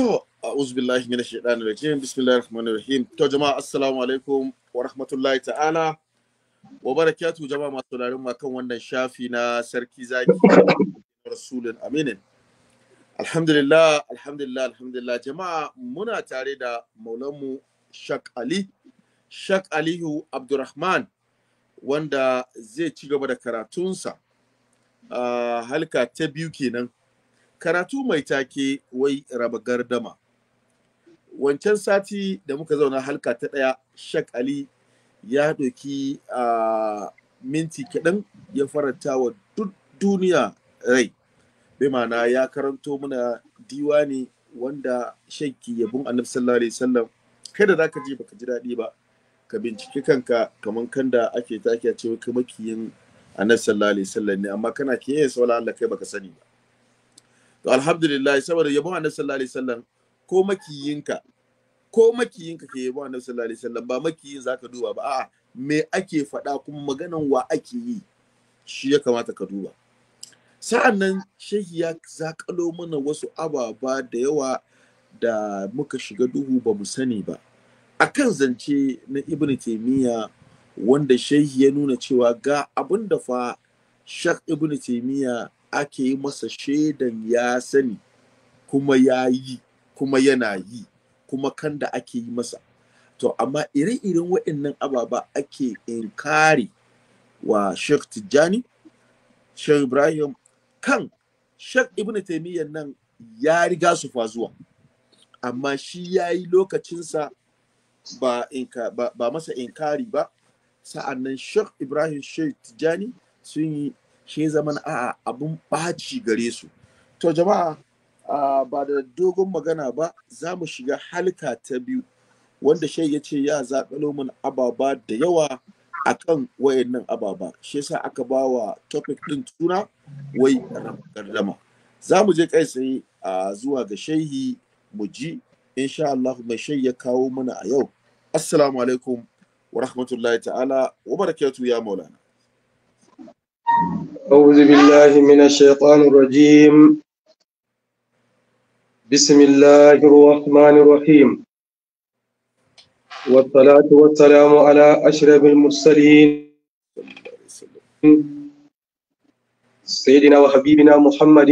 To, a'udhu billahi minash shaitanir rajim. Bismillahir rahmanir rahim. To jama'a assalamu alaikum wa rahmatullahi ta'ala. Wa barakatuhu jama'a masu sauraron ma kan wannan shafi na sarki zaki rasulun aminin. Alhamdulillah, alhamdulillah, alhamdulillah. Jama'a muna tare da maulanmu Shak Ali, Shak Alihu Abdurrahman wanda zai ci gaba da karatunsa. Uh, halka ta biyu kenan. karatu mai take wai raba gardama wancan sati da muka zauna halka ta ɗaya shak ali ya doki a minti kaɗan ya faranta wa duk duniya rai bai ma'ana ya karanto muna ne wanda shakki yabon annabi sallallahu alaihi wasallam kada za ka je baka ji daɗi ba ka binciki kanka kamar kanda ake take a cewa kai makiyin annabi sallallahu alaihi wasallam ne amma kana kiyaye alaihi wasallam kai baka sani ba to alhamdulillah saboda yabo annabi sallallahu alaihi wasallam ko makiyinka ko makiyinka ke yabo annabi sallallahu alaihi wasallam ba makiyin zaka duba ba a'a me ake faɗa kuma maganan wa ake yi shi ya kamata ka duba Sa'annan shehi ya zakalo mana wasu ababa da yawa da muka shiga duhu ba mu sani ba akan zance na ibnu taymiya wanda shehi ya nuna cewa ga abin da fa shak ibnu taymiya ake yi masa shaidan ya sani kuma ya yi kuma yana yi kuma kan da ake yi masa to amma ire-iren waɗannan ababa ake inkari wa Sheikh Tijjani Sheikh Ibrahim kan Sheikh Ibn Taymiyyah nan ya riga su fa zuwa amma shi ya yi lokacinsa ba, ba, ba masa inkari ba sa'annan Sheikh Ibrahim Sheikh Tijjani sun yi shi zaman a abun ɓaci gare su to jama'a ba da dogon magana ba za mu shiga halka ta biyu wanda shai ya ce ya zaɓi lomin ababa da yawa a akan wayannan ababa shi yasa aka ba wa topic ɗin tuna wai gardama za mu je kai tsaye a zuwa ga shehi mu ji insha Allah mai shai ya kawo mana a yau assalamu alaikum wa rahmatullahi ta'ala wa barakatu ya maulana أعوذ بالله من الشيطان الرجيم بسم الله الرحمن الرحيم والصلاة والسلام على أشرف المرسلين سيدنا وحبيبنا محمد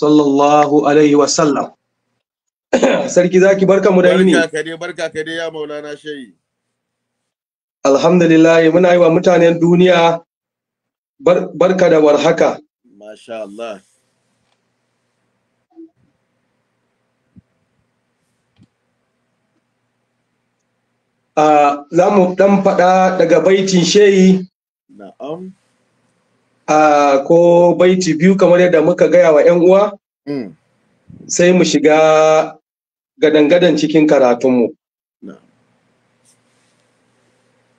صلى الله عليه وسلم sarki zaki barka mu da yini barka kade barka kade ya maulana shehi alhamdulillah muna yi wa mutanen duniya barka da warhaka masha Allah ah, za mu dan faɗa daga baitin shehi na'am ah, ko baiti biyu kamar yadda muka gaya wa 'yan uwa hmm. sai mu shiga gadangadan cikin karatunmu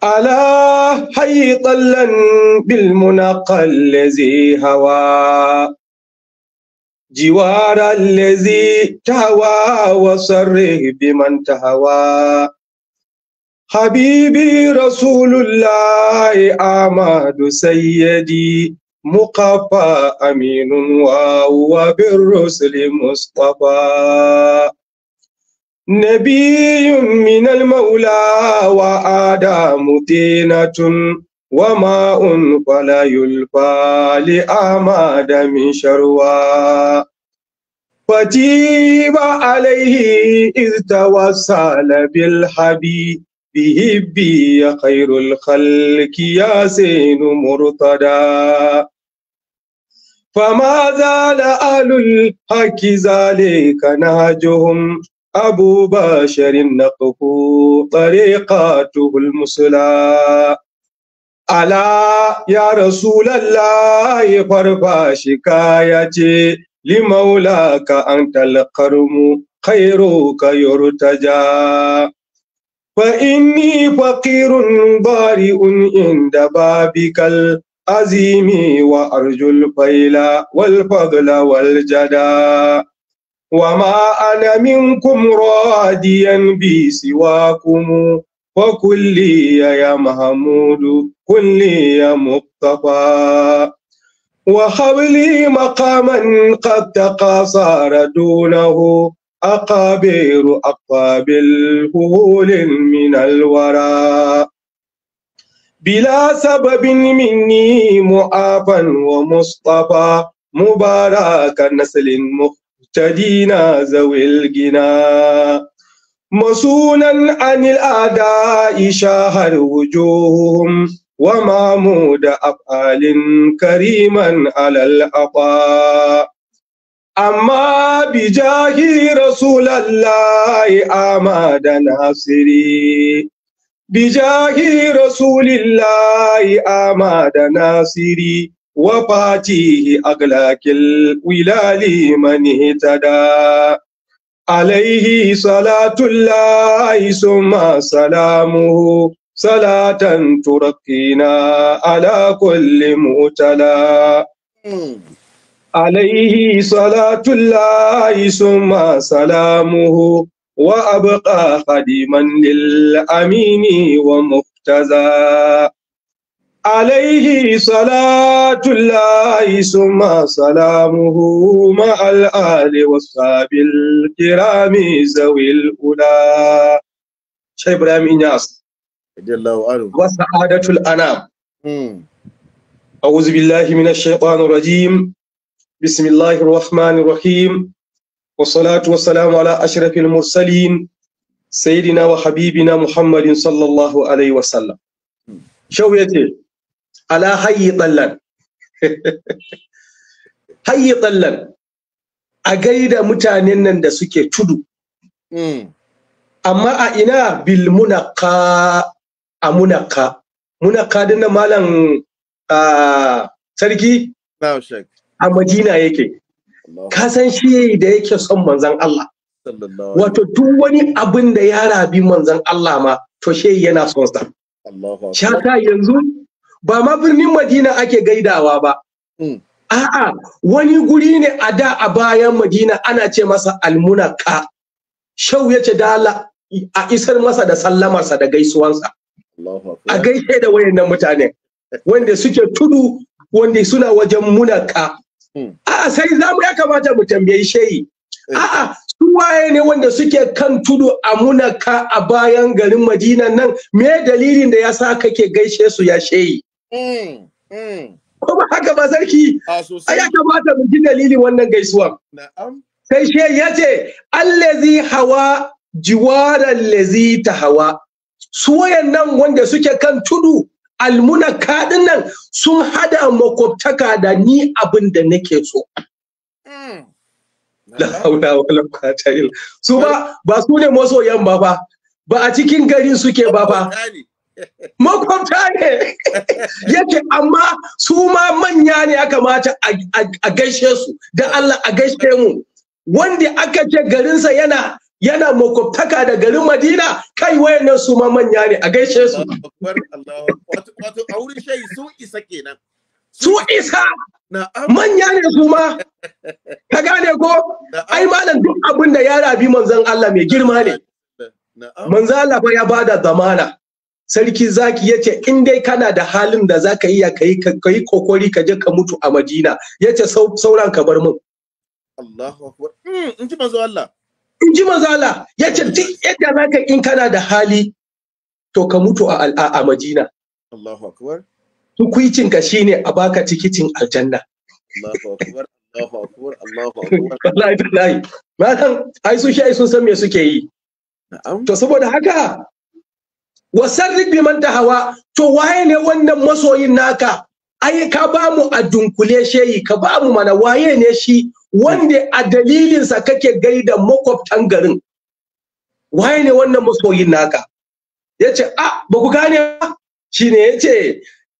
ألا حي طلا بالمنقى الذي هوى جوار الذي تهوى وصره بمن تهوى حبيبي رسول الله أحمد سيدي مقفى أمين وهو بالرسل مصطفى نبي من المولى وآدم دينة وماء فلا يلقى لأماد من شروى فتيب عليه إذ توسل بالحبيب بهبي يا خير الخلق يا سين مرتدى فما زال أهل الحق ذلك نهجهم أبو بشر نقه طريقته المسلى ألا يا رسول الله فرفع شكايتي لمولاك أنت القرم خيرك يرتجى فإني فقير ضارئ عند بابك العظيم وأرجو الفيل والفضل والجدى وما أنا منكم راديا بي سواكم وكلي يا محمود كلي يا مصطفى وحولي مقاما قد تقاصر دونه أقابير أقابل الهول من الورى بلا سبب مني معافا ومصطفى مبارك نسل مختلف تدينا ذوي الجنى مسونا عن الأعداء شاهر وجوههم ومعمود أفعال كريما على الأطاء أما بجاه رسول الله أماد ناصري بجاه رسول الله أماد ناصري وفاتيه أغلاك الولال من اهتدى عليه صلاة الله ثم سلامه صلاة ترقينا على كل مؤتلى عليه صلاة الله ثم سلامه وأبقى خديما للأمين ومختزى عليه صلاة الله ثم سلامه مع الآل والصحاب الكرام ذوي الأولى شيخ إبراهيم إنياس رضي الله عنه وسعادة الأنام أعوذ بالله من الشيطان الرجيم بسم الله الرحمن الرحيم والصلاة والسلام على أشرف المرسلين سيدنا وحبيبنا محمد صلى الله عليه وسلم شو يتي ala hayyi tsallan hayyi tsallan a gaida mutanen nan da suke tudu hmm. amma a ina bil munaka a munaka munaka na malam sarki a madina yake ka san shi da yake son manzan Allah wato duk wani abin da ya rabi manzan Allah ma to shi yana son sa shata yanzu ba ma birnin madina ake gaidawa ba hmm. a'a wani guri ne a da a bayan madina ana ce masa almunaka shau ya ce dala a isar masa da sallamarsa da gaisuwansa a gaishe da nan mutane wanda suke tudu wanda suna wajen munaka hmm. a'a sai za mu ya kamata mu tambayi shehi eh. a'a su waye ne wanda suke kan tudu a munaka a bayan garin madina nan me dalilin da ya sa kake gaishe su ya shehi Mm, mm. Kuma haka ba sarki, ai ya kamata mu ji dalilin wannan gaisuwa. Sai she ya ce, Allazi hawa jiwaran lazi ta hawa. Su wayannan wanda suke kan tudu almuna kaɗin nan sun hada makwabtaka da ni abin da nake so. Suba mm. Su ba ba su ne masoyan ba ba. Ba a cikin garin suke ba ba. makwabta ne yake amma su ma manya ne aka kamata a gaishe su da Allah a gaishe mu wanda aka ce garinsa yana yana makwabtaka da garin Madina kai wayannan su ma manya ne a gaishe su wato a wurin shayi su isa kenan su isa manya ne su ma ka gane ko ai malam duk abin da ya rabi manzon Allah mai girma ne manzon Allah ya bada zamana sarki zaki yace in dai kana da halin da zaka iya kai kai kokori ka je ka mutu a Madina yace sauran ka bar min hmm, in ji manzo Allah in ji yace duk yadda zaka in kana da hali to ka mutu a a Madina Allahu akbar hukuncin ka shine a baka tikitin aljanna Allahu akbar Allahu akbar Allahu akbar Allahu akbar Allahu akbar Allahu akbar Allahu akbar Allahu akbar me suke yi to saboda haka wa bi man tahawa to waye ne wannan masoyin naka ai ka ba mu a dunkule sheyi ka bamu mana waye ne shi wanda a dalilinsa kake gaida makwabtan garin waye ne wannan masoyin naka yace ce a ah, ba ku gane ba shine yace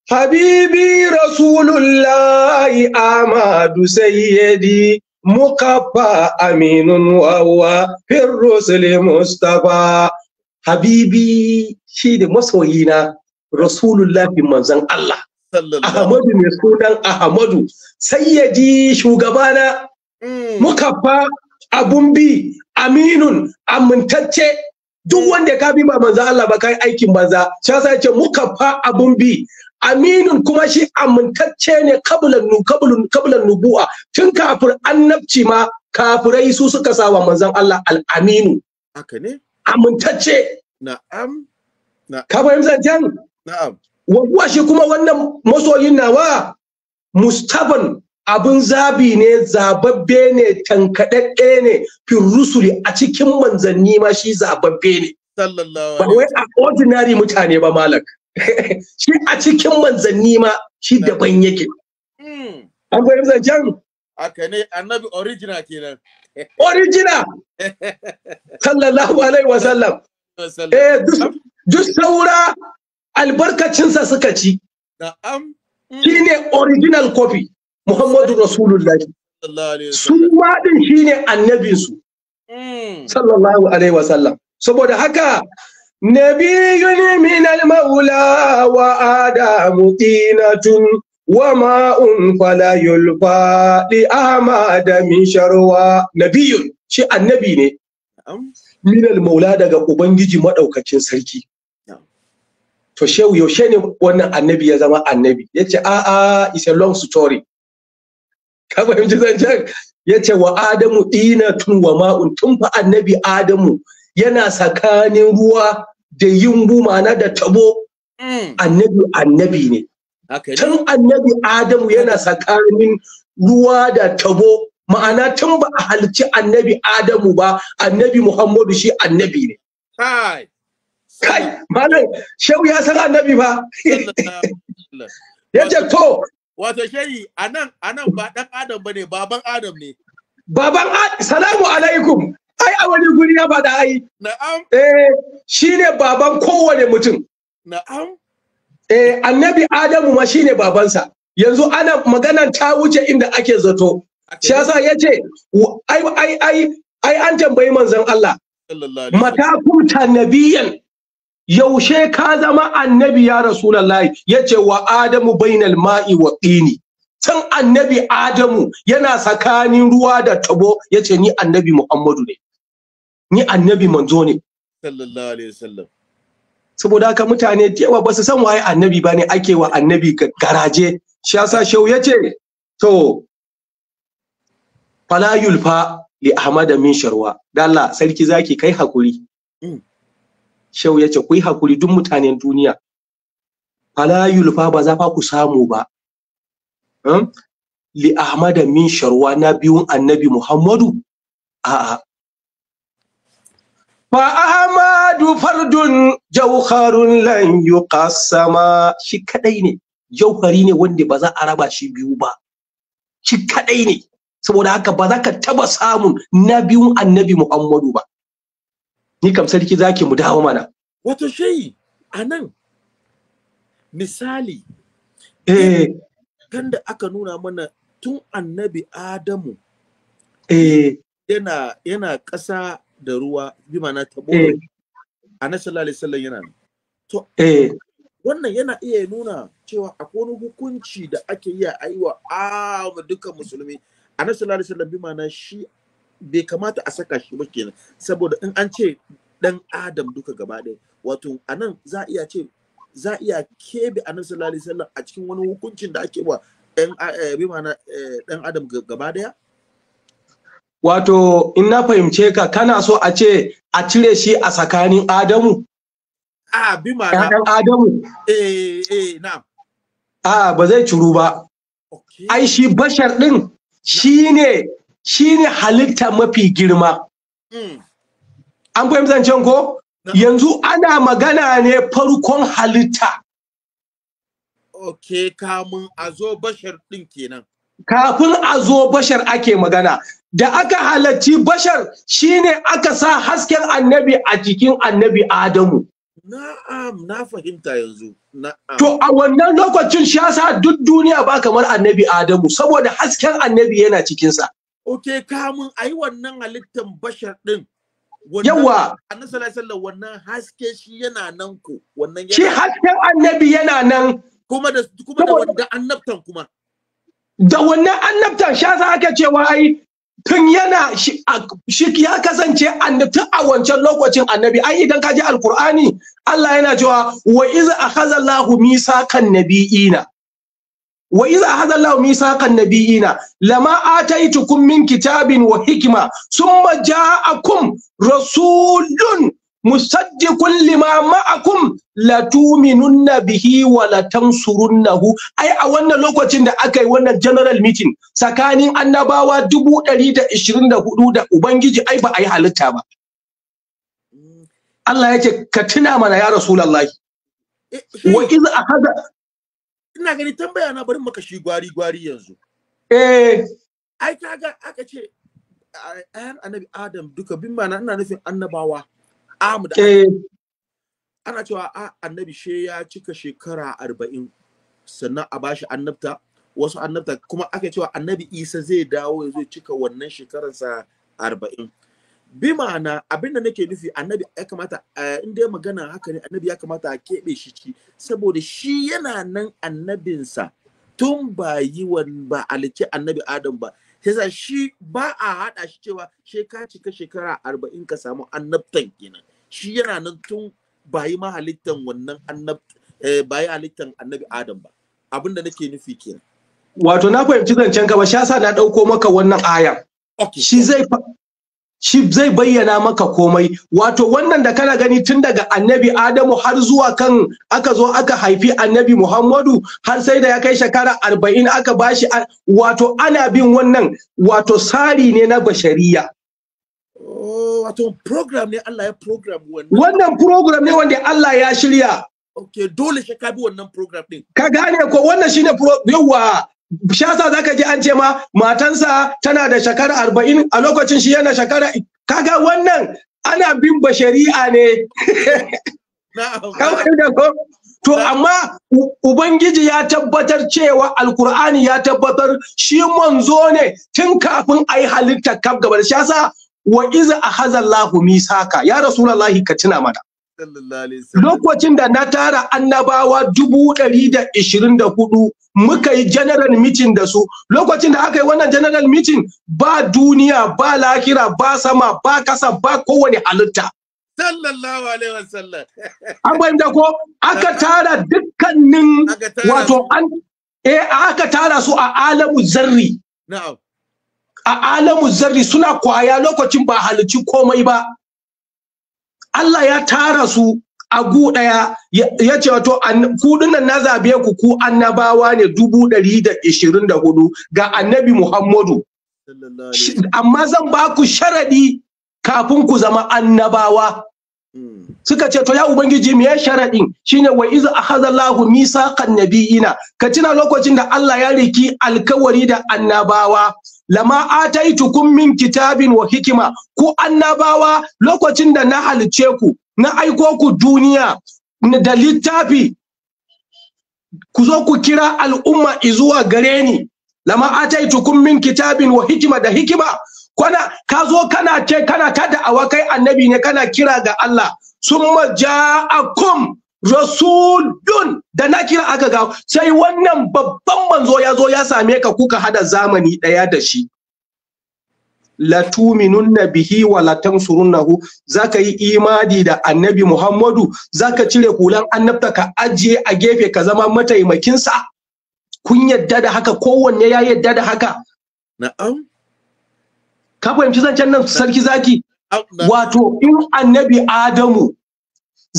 habibi rasulullahi amadu sayyidi mukaffa aminun wawa firrusuli mustafa habibi shi da masoyina rasulullahi manzan Allah Ahmadu mai sunan Ahmadu sai ya ji shugabana mm. fa abun bi aminun amintacce duk mm. wanda ka bi ba manzan Allah ba kai aikin banza shi ce muka fa abun bi aminun kuma shi amintacce ne kabulan nu kabulan nubuwa tun kafin annabci ma kafirai su suka sawa manzan Allah al'aminu. aminu haka ne amintacce na'am ka fahimci zancen na'am wa shi kuma wannan masoyin nawa mustaban abin zabi ne zababbe ne tankaɗaɗɗe ne fi rusuli a cikin manzanni ma shi zababbe ne ba wai a ordinary mutane ba malak shi a cikin manzanni ma shi daban yake hmm. an fahimta jan haka ne annabi original kenan original sallallahu alaihi wasallam eh duk saura albarkacinsa suka ci mm. shine original copy muhammadu rasulullah su ma din shine annabinsu mm. sallallahu alaihi wasallam saboda haka نبي من المولى وآدم طينة وما فلا يلقى لأحمد من شروى نبي شيء النبي ne من المولى maula daga ubangiji سركي sarki to shehu yaushe ne wannan annabi ya zama annabi yace a a is a long story ka fahimci zancen yace wa adamu dina tun wa ma'un tun fa annabi adamu yana tsakanin ruwa da yin ma'ana da tabo mm. annabi annabi ne tun annabi adamu yana tsakanin ruwa da tabo ma'ana tun ba a halci annabi adamu ba annabi muhammadu shi annabi ne kai kai malam shehu ya san annabi ba ya ce to wato shehi anan anan ba dan adam ne baban adam ne baban salamu alaikum ai a wani guri ya faɗa ai na'am eh shine baban kowane mutum na'am eh annabi adamu ma shine babansa yanzu ana maganan ta wuce inda ake zato shi yasa yace ai ai ai ai an tambayi manzon Allah mata kunta nabiyan yaushe ka zama annabi ya rasulullahi yace wa adamu bainal ma'i wa tini san annabi adamu yana tsakanin ruwa da tabo yace ni annabi muhammadu ne ni annabi manzo ne sallallahu alaihi wasallam saboda haka mutane yawa ba su san waye annabi ba ne ake wa annabi garaje shi yasa shau ya ce to fala yulfa li ahmada min sharwa dalla sarki zaki kai hakuri mm. shau ya ce ku yi hakuri duk mutanen duniya fala yulfa ba za fa ku samu ba hmm? li ahmada min sharwa na biyun annabi muhammadu a'a فأحمد Fardun جوهر لن يقسم Shi kadai ne jauhari ne wanda baza za a raba shi biyu ba shi kadai ne saboda haka ba ka taba samun na biyun annabi Muhammadu ba ni kam sarki zaki mu dawo mana wato shayi anan misali eh da aka nuna mana tun annabi Adamu eh yana yana ƙasa da ruwa bi ma'ana tabo eh. A sallallahu alaihi wasallam yana to eh. wannan yana iya nuna cewa akwai wani hukunci da ake iya aiwa a dukkan musulmi A sallallahu alaihi wasallam bi ma'ana shi bai kamata a saka shi ba kenan saboda in an ce dan adam duka gaba ɗaya wato a nan za a iya ce za a iya kebe a sallallahu alaihi wasallam a cikin wani hukuncin da ake wa ɗan eh, ɗan adam gaba ɗaya wato in na fahimce ka kana so a ce a cire shi a tsakanin Adamu? A bi ma Adamu. Eh eh na. A ba zai ciru ba. Ai shi bashar din shine shine halitta mafi girma. Hmm. An fahimci zancen ko? Yanzu ana magana ne farkon halitta. Ok, kamun a zo bashar din kenan. kafin a zo bashar ake magana da aka halarci bashar shine aka sa hasken annabi a jikin annabi adamu na'am na fahimta yanzu to a wannan lokacin shi yasa duk duniya ba kamar annabi adamu saboda hasken annabi yana cikin sa okay kamun ayi wannan halittan bashar din yawa annabi sallallahu alaihi wasallam wannan haske shi yana nan ko wannan shi hasken annabi yana nan kuma da kuma da wanda annabtan kuma da wannan annabtan shasa aka cewa ai tun yana shi ya kasance tun a wancan lokacin annabi ai idan ka ji alkur'ani Allah yana cewa wa iza akhadha Allahu misaqan nabiyina wa iza akhadha Allahu misaqan nabiyina lama ataitukum min kitabin wa hikma thumma ja'akum rasulun musaddiqun lima ma'akum la tu'minunna bihi wa la tansurunnahu ai a wannan lokacin da aka yi wannan general meeting tsakanin annabawa 124 da ubangiji ai ba a yi halitta ba Allah yake ka tuna mana ya rasulullahi eh, wa iz ahada ina gani tambaya na bari maka shi gwari gwari yanzu eh ai kaga aka ce ayan annabi adam duka bin mana ina nufin annabawa Eh. ana cewa a annabi she ya cika shekara arba'in sannan a bashi annabta wasu annabta kuma aka cewa annabi isa zai dawo ya zai cika wannan shekararsa arba'in bi ma'ana abin da nake nufi annabi ya kamata eh, in dai magana haka ne annabi ya kamata a keɓe shi ci saboda shi yana nan annabinsa tun ba yi ba alice annabi adam ba sai shi ba a haɗa shi cewa sheka cika shekara arba'in ka samu annabtan kenan shi yana nan tun bayi ma halittan wannan eh, annabi adam ba abin da nake nufi kenan wato na fahimci zancen ka ba shi yasa na dauko maka wannan aya. shi zai shi zai bayyana maka komai wato wannan da kana gani tun daga annabi adamu har zuwa kan aka zo aka haifi annabi muhammadu har sai da ya kai shekara arba'in aka bashi wato ana bin wannan wato sari ne na bashariya Oh, wato program ne Allah ya program wannan program ne wanda Allah ya shirya ok dole shi ka bi wannan program din ka gane ko wannan shine yawa shasa zaka ji an ce ma matansa tana da shekara arba'in a lokacin shi yana shekara kaga wannan ana bin ba shari'a ne To amma Ubangiji ya tabbatar cewa Alkur'ani ya tabbatar shi manzo ne tun kafin ai halitta kaf gaba da shi yasa wa iza ahazallahu misaka ya rasulullahi ka tuna mana lokacin da na tara annabawa dubu ɗari da ishirin da hudu muka yi general meeting da su lokacin da aka yi wannan general meeting ba duniya ba lakira ba sama ba kasa ba kowane halitta sallallahu alaihi wasallam an bayyana ko aka tara dukkanin wato an eh aka tara su a alamu zarri na'am a alamu zarri suna kwaya lokacin ba halicci komai ba Allah ya tara su a gu daya ya ce wato kudin na zabe ku ku annabawa ne dubu ɗari da ishirin da hudu ga annabi Muhammadu. Amma zan ba ku sharaɗi kafin ku zama annabawa. Hmm. Suka ce to ya Ubangiji me sharaɗin shine wa iza allahu misaqan nabiyina ka tuna lokacin da Allah ya riki alkawari da annabawa lama ataitukum min kitabin wa hikima ku annabawa lokacin da na halice ku na aiko ku duniya da littafi ku zo ku kira al'umma izuwa gare ni lama ataitukum min kitabin wa hikima da hikima kana ka zo kana ce kana ta da awakai annabi ne kana kira ga Allah summa ja'akum rasulun da na kira aka ga sai wannan babban manzo ya zo ya same ka kuka hada zamani daya da shi latuminunna bihi wa Za zaka yi imani da annabi Muhammadu zaka cire kulan annabta ka ajiye a gefe ka zama mataimakinsa kun yadda da haka kowanne ya yadda da haka na'am ka fahimci zancen nan sarki zaki wato in annabi Adamu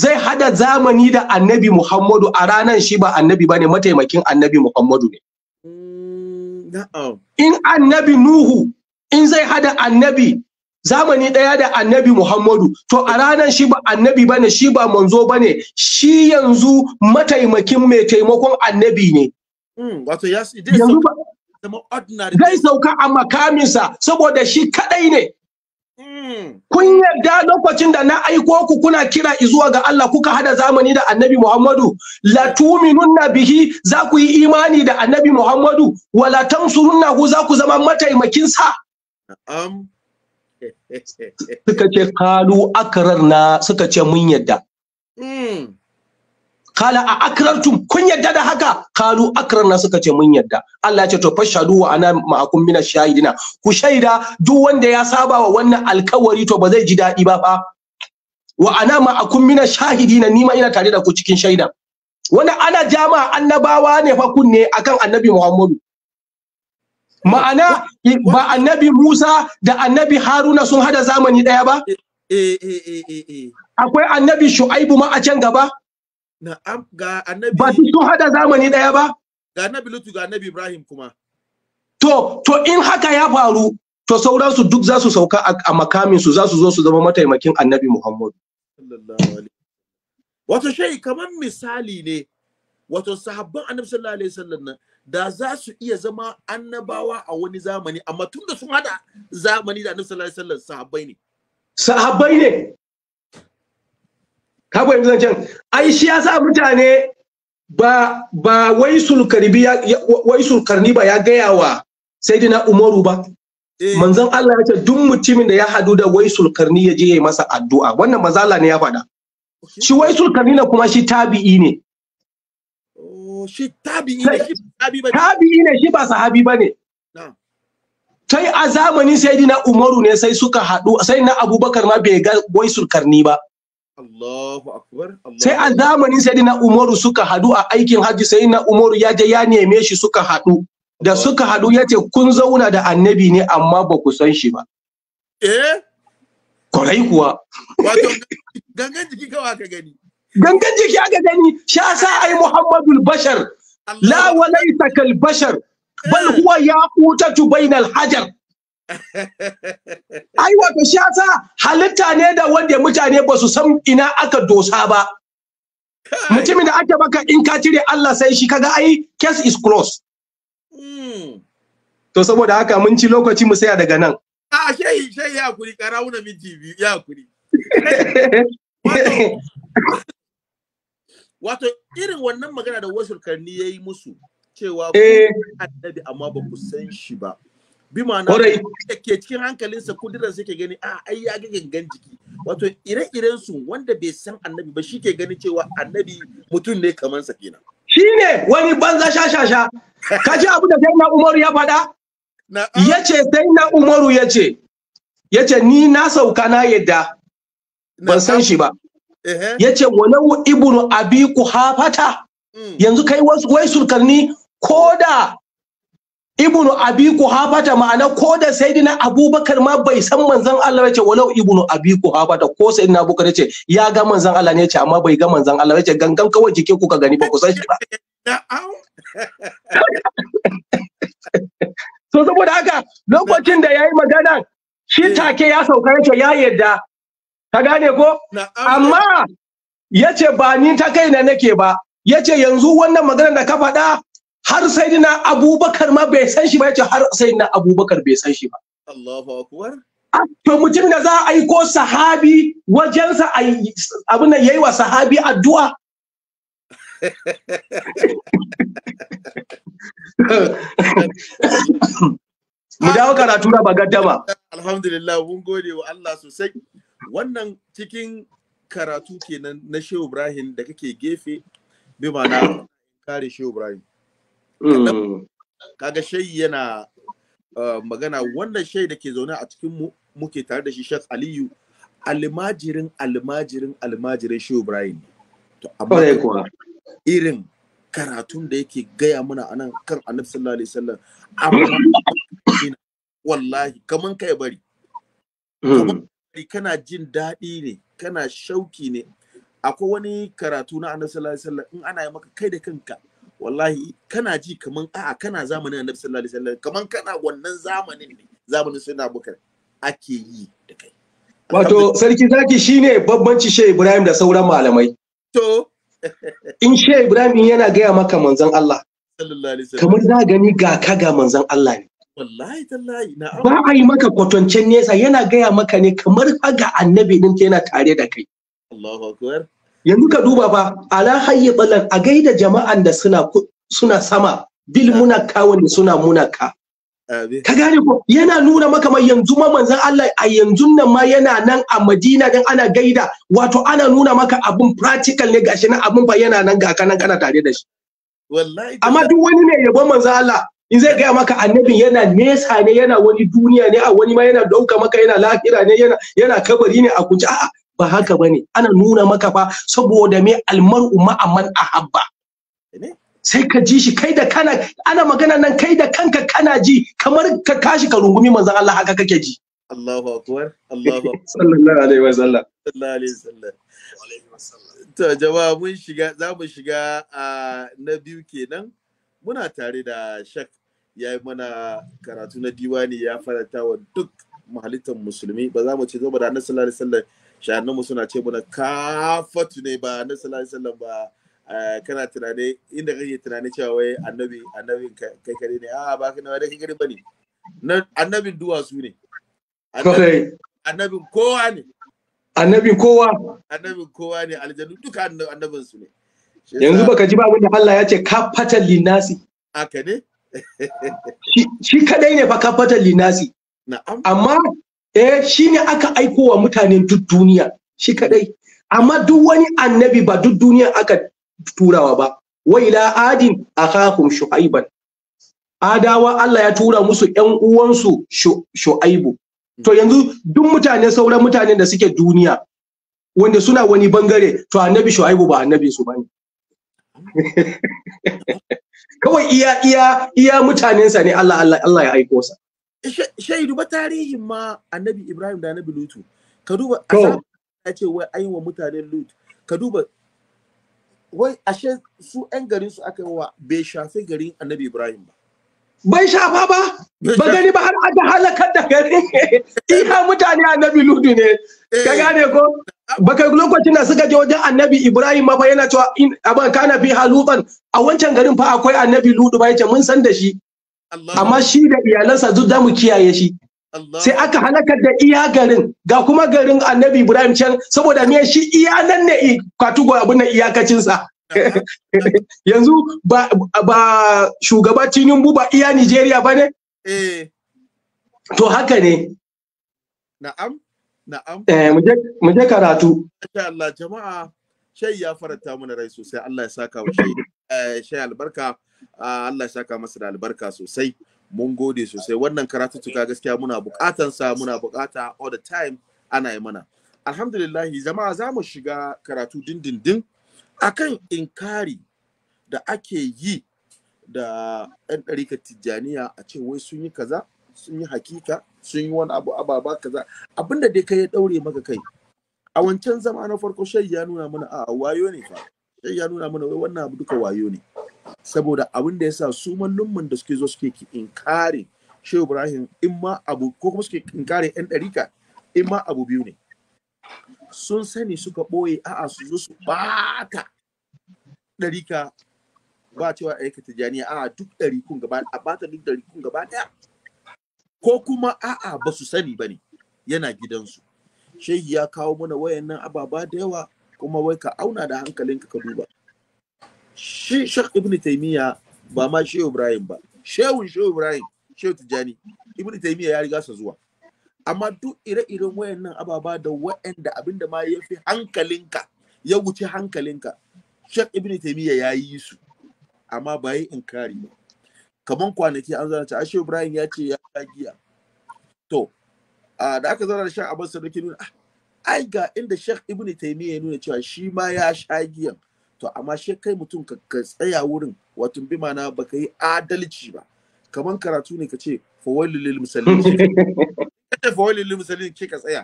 zai hada zamani da annabi Muhammadu a ranar shi ba annabi ba ne mataimakin annabi Muhammadu ne. Mm, in annabi Nuhu in zai hada annabi zamani ɗaya da annabi Muhammadu to a ranar shi ba annabi ba ne shi ba manzo ba ne shi yanzu mataimakin mai taimakon annabi ne. Mm, zai sauka a makaminsa saboda shi kadai ne. Kun yarda lokacin da na aiko ku kuna kira zuwa ga Allah kuka hada zamani da Annabi Muhammadu la tuminunna bihi za ku yi imani da Annabi Muhammadu wala tansurunna hu za ku zama mataimakin sa. Suka ce kalu akrarna suka ce mun yadda. kala a akrartum kun yadda da haka qalu na suka ce mun yadda Allah ya ce to fashadu wa ana ma'akum min shahidina ku shaida duk wanda ya saba wa wannan alkawari to ba zai ji daɗi ba fa wa ana ma'akum min shahidina ni ina tare da ku cikin shaida wanda ana jama annabawa ne fa kunne akan annabi Muhammadu ma'ana ba annabi Musa da annabi Haruna sun hada zamani daya ba eh, eh, eh, akwai annabi Shu'aibu ma a can gaba am ga annabi. Ba su hada zamani daya ba? Ga annabi Lutu ga annabi Ibrahim kuma. To, to in haka ya faru, to sauran su duk za su sauka a makamin su za su zo su zama mataimakin annabi Muhammadu. Wato shai kaman misali ne, wato sahabban annabi sallallahu alaihi wasallam nan da za su iya zama annabawa a wani zamani, amma tun da sun hada zamani da annabi sallallahu alaihi wasallam sahabbai ne. Sahabbai ne, ka fahimci zancen ai shi yasa mutane ba ba wai karbi ya wai sulkarni ba ya gaya wa sayyidina umaru ba eh. manzon Allah ya ce duk mutumin da ya hadu da wai sulkarni ya je ya masa addu'a wannan mazala ne ya faɗa shi wai sulkarni na kuma shi tabi'i ne shi oh, tabi'i ne shi tabi'i ne shi ba sahabi bane sai a zamanin sayyidina umaru ne sai suka hadu sai na abubakar ma bai ga wai sulkarni ba Sai a zamanin sai na Umaru suka hadu a aikin hajji sai na Umaru ya je ya neme shi suka hadu. Da suka hadu ya ce kun zauna da annabi ne amma ba ku san shi ba. Eh? Kwarai kuwa. Wato gangan jiki kawa ka gani. Gangan jiki aka gani sha sa ai Muhammadul Bashar la walaita kal bashar bal eh. huwa ya utatu bainal hajar. ai wato shi yasa halitta ne da wanda mutane ba su san ina aka dosa ba mutumin da ake baka in ka cire Allah sai shi kaga ai case is closed hmm. to saboda haka mun ci lokaci mu saya daga nan a shehi shehi ya kuri na biyu ya kuri wato irin wannan magana da wasu karni yayi musu cewa eh. ku annabi amma ba ku san shi ba bi ma'ana ke cikin hankalinsa kudirar sai ke gani a ai ya ga gangan jiki wato ire-iren su wanda bai san annabi ba shi ke gani cewa annabi mutum ne kamar sa kenan shine wani banza shashasha ka ji abu da sayyidina umaru ya faɗa yace sayyidina umaru yace yace ni na sauka na yadda ban san shi ba yace walau ibnu abi kuhafata mm. yanzu kai wasu wai sulkarni koda ibnu abi kuhafata ma'ana ko da sayyidina abubakar ma bai san manzon Allah ce walau ibnu abi kuhafata ko sayyidina abubakar ce ya ga manzon Allah ne ce amma bai ga manzon Allah ce gangan kawai kike ka gani ba ku san shi ba so saboda haka lokacin da yayi magana shi eh. take ya sauka ce ya yarda ka gane ko amma yace ba ni ta kaina nake ba yace yanzu wannan magana da ka faɗa har sai dina abubakar ma bai san shi ba yace har sai dina abubakar bai san shi ba Allahu akbar ah, to mutum da za a aiko sahabi wajensa abin da yayi wa sahabi addu'a mu dawo karatu na bagaddama alhamdulillah mun gode wa Allah sosai wannan cikin karatu kenan na Shehu Ibrahim da kake gefe bi na, kare Shehu Ibrahim Mm. kaga shayi yana uh, magana wannan shayi da ke zaune a cikin mu muke tare da shi Sheikh Aliyu almajirin almajirin almajirin shi Ibrahim to amma irin karatun da yake gaya mana anan kan Annabi sallallahu alaihi wasallam wallahi hmm. kaman kai bari kana jin daɗi ne kana shauki ne akwai wani karatu na Annabi sallallahu in ana yi maka kai da kanka wallahi kana ji kaman a'a kana zamanin annabi sallallahu alaihi wasallam kaman kana wannan zamanin ne zamanin na abubakar ake yi da kai wato sarki zaki shine ci shehu ibrahim da sauran malamai to in shehu ibrahim yana gaya maka manzon Allah kamar za gani ga ka ga manzon Allah ne wallahi tallahi na ba a yi maka kwatancen nesa yana gaya maka ne kamar ga annabi din yana tare da kai Allahu akbar yanzu ka duba ba ala hayyi talan a gaida jama'an da suna suna sama bil munaka wanda suna munaka ka gane ko yana nuna maka mai yanzu ma manzon Allah a yanzu nan ma yana nan a Madina dan ana gaida wato ana nuna maka abun practical ne gashi nan abun fa yana nan ga kanan kana tare da shi wallahi amma duk wani ne yabo manzon Allah in zai gaya maka annabin yana nesa ne yana wani duniya ne a wani ma yana dauka maka yana lahira ne yana yana kabari ne a kunci a'a ba haka ba ne ana nuna maka fa saboda me almar'u ma'aman ahabba sai ka ji shi kai da kana ana magana nan kai da kanka kana ji kamar ka kashi ka rungumi manzon Allah haka kake ji Allahu akbar Allahu akbar sallallahu alaihi wa sallam sallallahu alaihi wa sallam to jama'a mun shiga za mu shiga a na biyu kenan muna tare da shak ya yi mana karatu na diwani ya faranta wa duk mahalittar musulmi ba za mu ce zo ba da annabi sallallahu alaihi wa sallam sha'annanmu suna ce mana kafatu ne ba na sallallahu ba eh, kana tunane inda kake tunane cewa wai annabi annabin kai kare ne a ba kana da kai kare bane annabin su ne annabin kowa ne annabin kowa annabin kowa ne aljanu duka annabin su ne yanzu baka ji ba wanda Allah ya ce kafatan linasi haka ne shi kadai ne fa kafatan linasi amma eh shi ne aka aiko wa mutanen duk duniya shi kadai amma duk wani annabi ba duk duniya aka turawa ba wa ila adin akhahum shu'aiban adawa Allah ya tura musu ƴan uwansu shu'aibu to yanzu duk mutane sauran mutanen da suke duniya wanda suna wani bangare to annabi shu'aibu ba annabi su bane kawai iya iya iya mutanensa ne Allah Allah Allah ya aiko sa shaidu ba tarihin ma annabi Ibrahim da annabi Lutu ka duba a ce wai an yi wa mutanen Lutu ka duba wai ashe su 'yan garin su aka yi wa bai shafi garin annabi Ibrahim ba bai shafa ba ba gani ba har aka halakar da gari eh. iya mutane annabi ludu ne ka eh. gane ko baka lokacin da suka je wajen annabi ibrahim ma fa yana cewa in aban kana fi halutan a wancan garin fa akwai annabi ludu ba yace mun san da shi amma shi da iyalansa duk da mu kiyaye shi sai aka halakar da iya garin ga kuma garin annabi ibrahim can saboda me shi iya nan ne go abun nan iyakacinsa yanzu ba, ba shugaba tinubu ba iya nigeria ba ne eh. to haka ne na'am na'am eh, mu je karatu insha Allah jama'a shai ya faranta mana rai sosai Allah ya saka wa shay eh, albarka Ah, Allah saka masa da albarka sosai mun gode sosai wannan tuka gaskiya muna bukatan sa muna bukata all the time ana yi mana alhamdulillah jama'a za mu shiga karatu dindindin akan inkari da ake yi da yan ɗarika tijjaniya a ce wai sun yi kaza sun yi hakika sun yi wani abu ababa kaza abinda dai kai ya ɗaure maka kai a wancan zama na farko shai ya nuna mana a wayo ne fa Eh, ya nuna mana wai wannan abu duka wayo ne saboda abin da yasa su mallumman da suke zo suke inkari Shehu Ibrahim in ma abu ko kuma suke inkari ɗan ɗarika in ma abu biyu ne sun sani suka ɓoye a'a su zo su bata ɗarika ba cewa a yaka tijaniya a'a duk kun gaba a bata duk ɗarikun gaba ɗaya ko kuma a'a ba su sani ba ne yana gidansu shehi ya kawo mana wayannan ababa da yawa kuma wai ka auna da hankalinka ka duba shi shek ibn taimiyya ba ma shehu ibrahim ba shehun shehu ibrahim shehu tijjani ibn taimiyya ya riga sa zuwa amma duk ire-iren wayannan ababa da wayanda abinda ma ya fi hankalinka ya wuce hankalinka shek ibn taimiyya ya yi su amma ba yi inkari ba Kamar kwanaki an zana ta ashe ibrahim ya ce ya giya to da aka zana da shan abin sadauki nuna ah, ai ga inda Sheikh Ibn taimiyya ya nuna cewa shi ma ya sha giyan to amma shi kai mutum ka tsaya wurin wato bi mana baka yi adalci ba Kamar karatu ne ka ce fawalil lil musallin kace fawalil lil musallin ke ka tsaya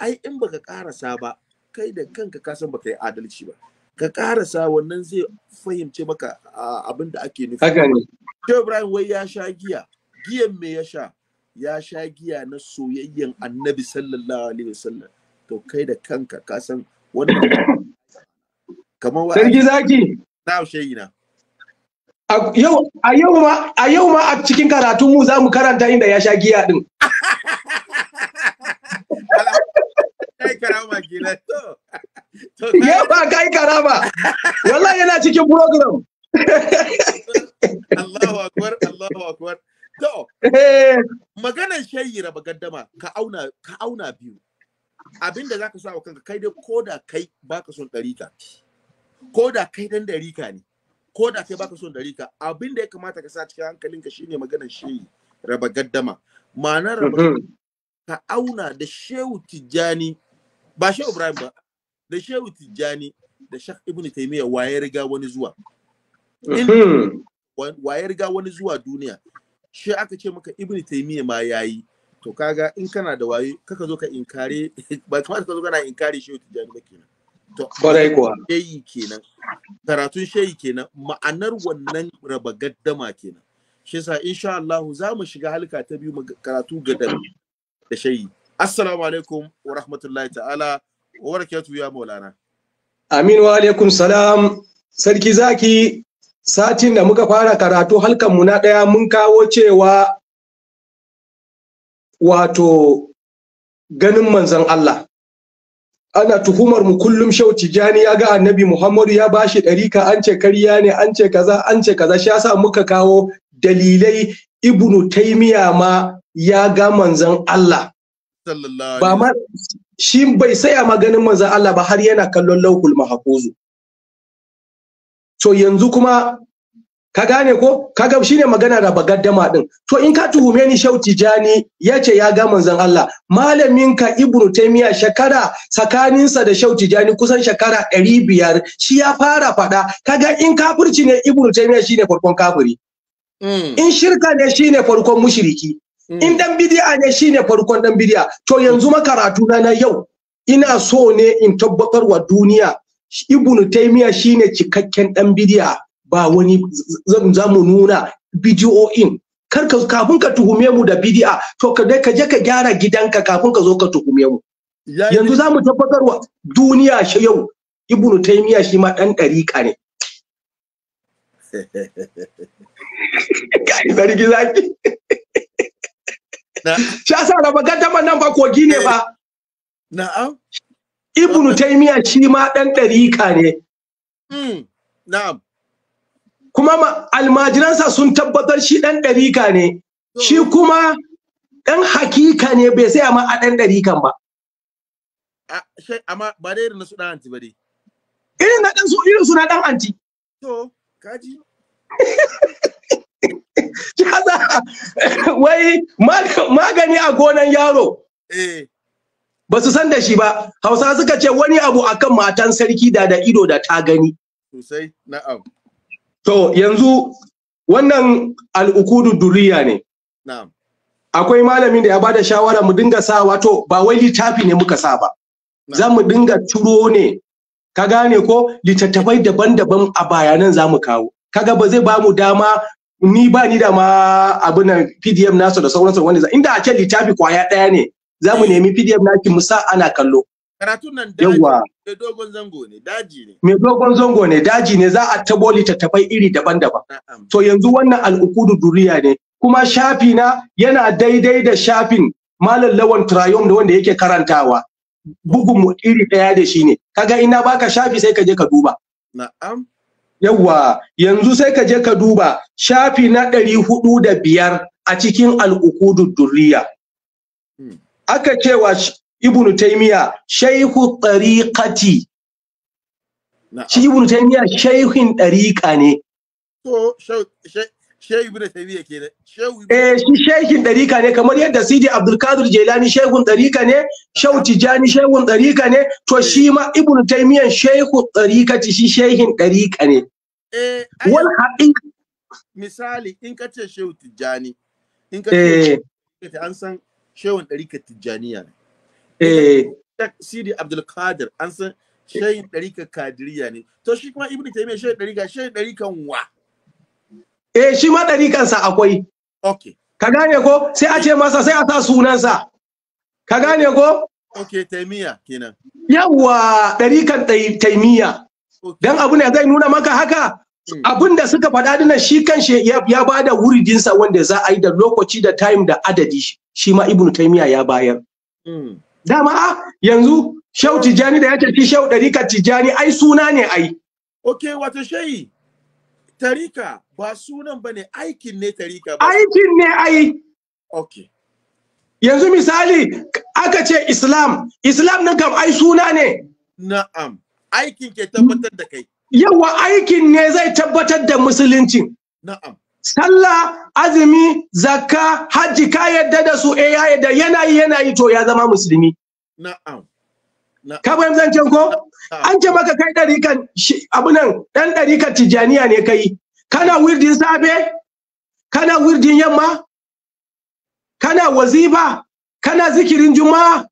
ai in baka karasa ba kai da kanka ka san baka yi adalci ba ka karasa wannan zai fahimce maka abin da ake nufi haka ne Ibrahim wai ya sha giya giyan me ya sha ya sha giya na soyayyen annabi sallallahu alaihi wasallam to kai da kanka ka san wannan kamar wa sarki zaki na shehi na yau a yau ma a yau ma a cikin karatun mu zamu karanta inda ya sha giya din kai karama gila to yawa kai karama wallahi yana cikin program Allahu akbar Allahu akbar to eh. maganar shayira bagaddama ka auna ka auna biyu abin da zaka so a kanka kai dai ko da kai baka son ɗarika ko da kai dan ɗarika ne ko da kai baka son ɗarika abin da ya kamata ka sa cikin hankalinka shine maganar shehi raba gaddama ma'ana raba mhm. ka auna da shehu tijjani ba shehu ibrahim ba da shehu tijjani da shak ibn taymiya waye riga wani zuwa mhm. waye riga wani zuwa duniya shi aka ce maka ibn taymiya ma yayi to kaga in kana da waye kaka zo ka inkare ba kamata ka zo kana inkare shehu tijjani ba kenan to kwarai kuwa shehi kenan karatun shayi kenan ma'anar wannan raba gaddama kenan shi yasa insha Allah za mu shiga halka ta biyu karatu gadar da shayi. assalamu alaikum wa rahmatullahi ta'ala wa barakatu ya maulana amin wa alaikum salam sarki zaki satin da muka fara karatu halkan mu na daya mun kawo cewa wato ganin manzon Allah ana tuhumar mu kullum shau jani ya ga annabi muhammadu ya bashi ɗarika an ce karya ne an ce kaza an ce kaza shi yasa muka kawo dalilai ibnu taimiya ma ya ga manzon Allah ba ma shi bai saya a maganin manzon Allah ba har yana kallon lauhul mahafuzu so yanzu kuma ka gane ko Ka kaga shine magana da bagaddama din to in ka tuhume ni shauti jani yace ya ga manzon Allah malamin ka ibnu taymiya shekara tsakaninsa da shauti jani kusan shekara 500 shi ya fara fada kaga in kafirci ne ibnu taymiya shine farkon kafiri mm. in shirka ne shine farkon mushriki mm. in dan bid'a ne shine farkon dan bid'a to yanzu makaratu na na yau ina so ne in tabbatar wa duniya ibnu taymiya shine cikakken dan bid'a ba wani za mu nuna bidiyo'in kar ka kafin ka tuhume mu da bidi'a to ka ka je ka gyara gidanka kafin ka zo ka tuhume mu yanzu za mu tabbatarwa duniya shi yau ibnu taymiya shi ma dan dariƙa ne kai zargi zaki shi yasa raba gaddama nan ba kogi ne ba na'am ibnu taymiya shi ma dan dariƙa ne hmm, na'am kuma almajiransa sun tabbatar shi ɗan ɗarika ne shi hmm. kuma ɗan hakika ne bai sai ma a ɗan ɗarikan ba amma ba dai irin na su ɗan anti ba dai irin na ɗan su irin su na ɗan anti to kaji Kaza wai magani a gonan yaro. Eh. Ba su san da shi ba, Hausa suka ce wani abu akan matan sarki da da ido da ta gani. Sosai, na'am. to yanzu wannan al'ukudu duriya ne akwai malamin da ya bada shawara mu dinga sa wato ba wai littafi ne muka sa ba za mu dinga turo ne ka gane ko litattafai daban-daban a bayanan za mu kawo kaga ba zai ba mu dama ni ba ni da ma abin pdf nasu da sauransu wanda inda a ce littafi kwaya ɗaya ne za mu nemi pdf naki mu sa ana kallo karatun nan Mai dogon zango ne, daji ne. za a tabo litattafai iri daban-daban. To yanzu wannan al'ukudu duriya ne, kuma shafi na yana daidai da shafin malam lawan trayom da wanda yake karantawa. Bugun mu iri ɗaya da shi ne. Kaga ina baka shafi sai ka je ka duba. Na'am. Yawwa, yanzu sai ka je ka duba shafi na ɗari hudu da biyar a cikin al'ukudu duriya. Hmm. Aka cewa ibnu taymiya shaykhu tariqati shi ibnu taymiya shaykhin tariqa ne eh, shi shaykhin ne kamar yadda sidi abdul qadir jailani shaykhun ne tijani shaykhun ne to shi ibnu taymiya shaykhu tariqati ne eh, wal misali in ka ce eh. tijani an san ne eh sidi abdul qadir an san shayin ɗarika kadiriya ne to shi kuma ibnu taymiya shayin ɗarika shayin ɗarikan wa eh shi ma kansa akwai okay ka gane ko sai a ce masa sai a sa sunansa ka gane ko okay taymiya kenan yawa ɗarikan taymiya dan abu ne zai nuna maka haka hmm. abin da suka faɗa dinan shi kan shi ya ba da wuridinsa wanda za a yi da lokaci da time da adadi shi ma ibnu taymiya ya bayar hmm. dama a ah, yanzu shau oh. tijani da ya tafi shau ɗarika tijani ai suna ne ai ok wata shayi tarika ba sunan ba ne aikin ne tarika ba aikin ne ai ok yanzu misali aka ce islam islam nan kam ai suna ne na'am aikin ke tabbatar da kai yawa aikin ne zai tabbatar da musulunci. na'am sallah azumi zakka hajji ka yadda da su eh ya yadda yana yi yana yi to ya zama musulmi na'am ka bayan zancen ko an ce maka kai kan nan dan ɗan kan tijaniya ne kai kana wirdin safe kana wirdin yamma kana wazifa kana zikirin juma'a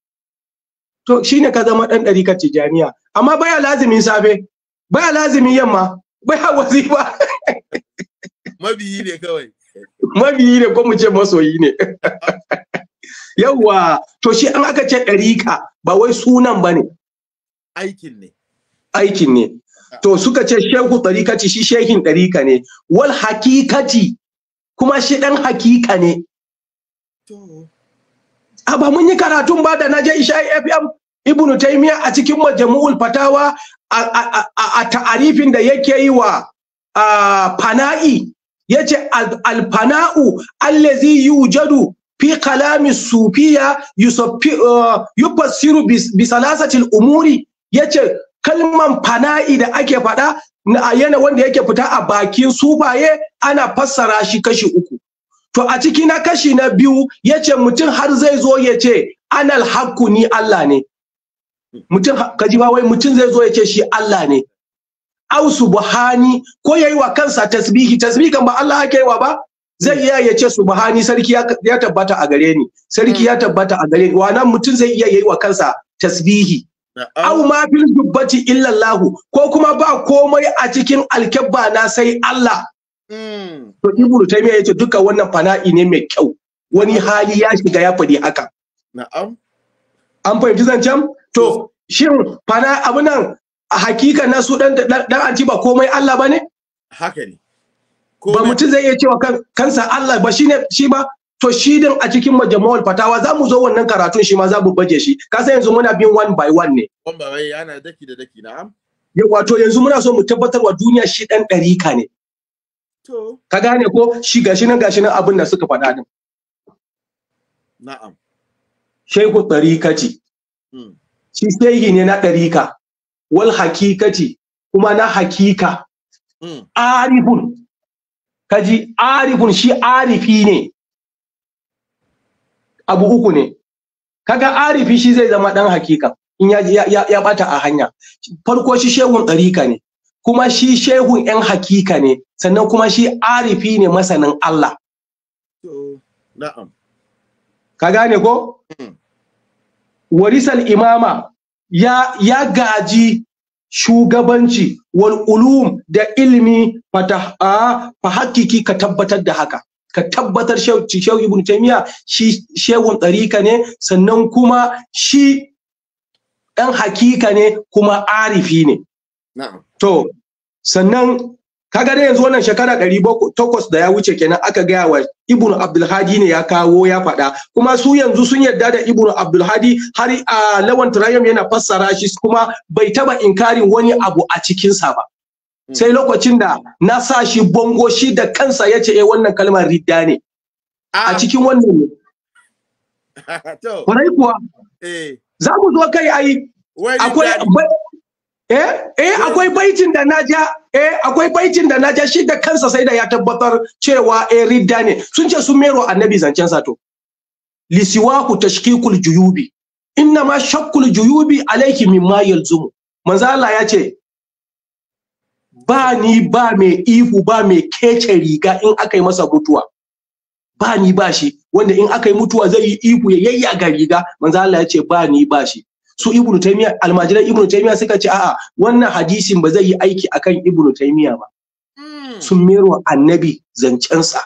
to shine ka zama ɗan kan tijaniya amma baya lazimin safe baya lazimin yamma baya wazifa mabiyi ne kawai mabiyi ne ko mu ce masoyi ne yawwa to shi an aka ce ɗarika ba wai sunan ba ne aikin ne aikin ne to suka ce shehu ɗarikaci shi shehin ɗarika ne wal hakikati kuma shi ɗan hakika ne a ba mun yi karatun ba da naje isha fm Ibn taimiya a cikin majmu'ul fatawa a ta'arifin da yake yi wa fana'i yace alfana'u allazi yujadu fi kalami sufiya uh, yufassiru bi salasatil umuri yace kalman fana'i da ake faɗa yana wanda yake fita a bakin sufaye ana fassara shi kashi uku to a ciki na kashi na biyu yace mutum har zai zo yace anal hakku ni Allah ne mutum kaji ba wai mutum zai zo yace shi Allah ne au subhani ko yayi wa kansa tasbihi tasbihan ba Allah ake wa ba zai iya ya ce subhani sarki ya tabbata a gare ni sarki ya tabbata a gare ni wannan mutum zai iya yayi wa kansa tasbihi au ma fil dubbati illa Allah ko kuma ba komai a cikin alkabba na sai Allah hmm. to ibnu taymiya yace duka wannan fana'i ne mai kyau wani hali ya shiga ya fadi haka na'am an fahimci zancen to shin fana abu nan hakika na su dan dan anti ba komai Allah bane haka ne ba mutum zai iya cewa kansa Allah ba shine shi ba to shi din a cikin majmu'ul fatawa za mu zo wannan karatun shi ma za mu baje shi ka san yanzu muna bin one by one ne one ba one yana daki da daki na'am ya wato yanzu muna so mu tabbatar wa duniya shi dan ɗarika ne to ka gane ko shi gashi nan gashi nan abin da suka faɗa din na'am shehu ɗarikaci hmm. shi shehi ne na ɗarika wal hakikati kuma na hakika hmm. arifun kaji arifun shi arifi ne abu uku ne kaga arifi shi zai zama dan hakika in ya, ya, bata a hanya farko shi shehun ɗarika ne kuma shi shehun yan hakika ne sannan kuma shi arifi ne masanin Allah na'am ka gane ko hmm. warisal imama ya ya gaji shugabanci wal ulum da ilimi fata fa hakiki ka tabbatar da haka ka tabbatar shehu ibn taymiya shi shehun tsarika ne sannan kuma shi ɗan hakika ne kuma arifi ne to sannan kaga dai yanzu wannan shekara ɗari takwas da ya wuce kenan aka gaya wa ibnu abdulhadi ne ya kawo ya faɗa kuma su yanzu sun yarda da ibnu abdulhadi har a lawan turayyam yana fassara shi kuma bai taba inkarin wani abu a cikinsa ba hmm. sai lokacin da na sa shi bongo shi da kansa ya ce eh, wannan kalmar ridda ne a ah. cikin wannan ne kwarai kuwa eh. za mu zo kai ai akwai Eh, eh akwai baitin da na ja, eh akwai baitin da na ja shi da kansa sai da ya tabbatar cewa eh ridda ne. Sun ce sun mero annabi zancen sa to. Lisiwaku tashkikul juyubi. Inna ma shakkul juyubi alayki mimma yalzumu. Manzo Allah ya ce ba ni ba mai ihu ba mai kece riga in aka yi masa mutuwa. Ba ni ba shi wanda in aka yi mutuwa zai yi ihu ya yayyaga riga. Manzo Allah ya ce ba ni ba shi. su ibnu taymiya almajiran ibnu taymiya suka ce a'a wannan hadisin ba zai yi aiki akan ibnu taymiya ba hmm. sun mero annabi zancensa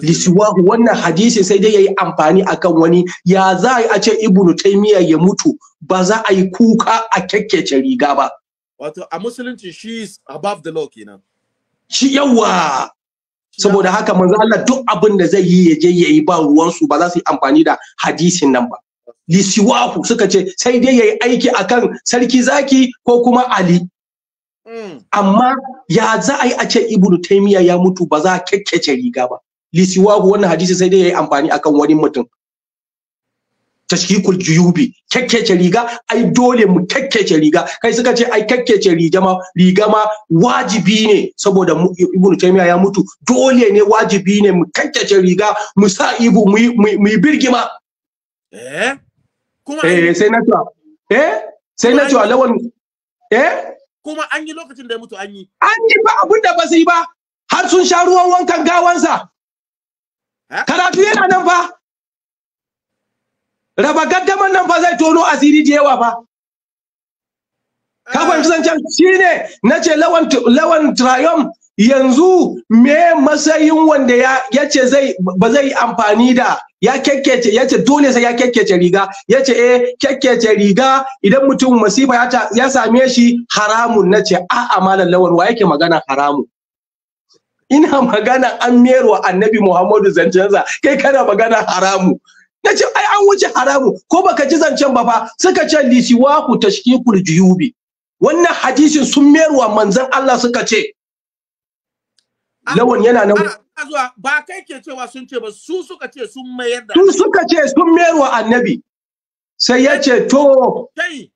lisiwahu wannan hadisi sai dai yayi amfani akan wani ya za a ce ibnu taymiya ya mutu ba za a yi kuka a kekkece riga ba wato a musulunci she is above the law kenan shi yawa saboda haka manzo Allah duk abin da zai yi ya je yayi ba ruwan su ba za su yi amfani da hadisin nan ba lisiwahu suka ce sai dai yayi aiki akan sarki zaki ko kuma ali mm. amma ya za a a ce ibnu taymiya ya mutu ba za a kekkece riga ba lisiwahu wannan hadisi sai dai yayi amfani akan wani mutum tashkikul juyubi kekkece riga ai dole mu kekkece riga kai suka ce ai kekkece riga ma riga ma wajibi ne saboda ibnu taymiya ya mutu dole ne wajibi ne mu kekkece riga mu sa ibu mu yi birgima eh kuma eh sai na tuwa eh sai na tuwa lawan eh kuma an yi lokacin da ya mutu an yi an yi ba abin da ba su yi ba har sun sha ruwan wankan gawansa eh? karatu yana nan fa raba gaddaman nan fa zai tono asiri da yawa fa ka eh. fahimci zancen shine na ce lawan trayom yanzu me matsayin wanda ya ce zai ba zai amfani da ya kekkece ya ce dole sai ya kekkece riga ya ce eh kekkece riga idan mutum masifa ya, same shi haramun na ce a'a malam wa yake magana haramun ina magana an merwa annabi muhammadu zancensa kai kana magana haramu na ce ai an wuce haramu ko baka ji zancen ba fa suka ce lisiwaku tashkikul juyubi wannan hadisin sun merwa manzon Allah suka ce lawan yana nan zuwa ba kai ke cewa sun ce ba su suka ce sun mayar da su suka ce sun mayar wa annabi sai ya ce to kai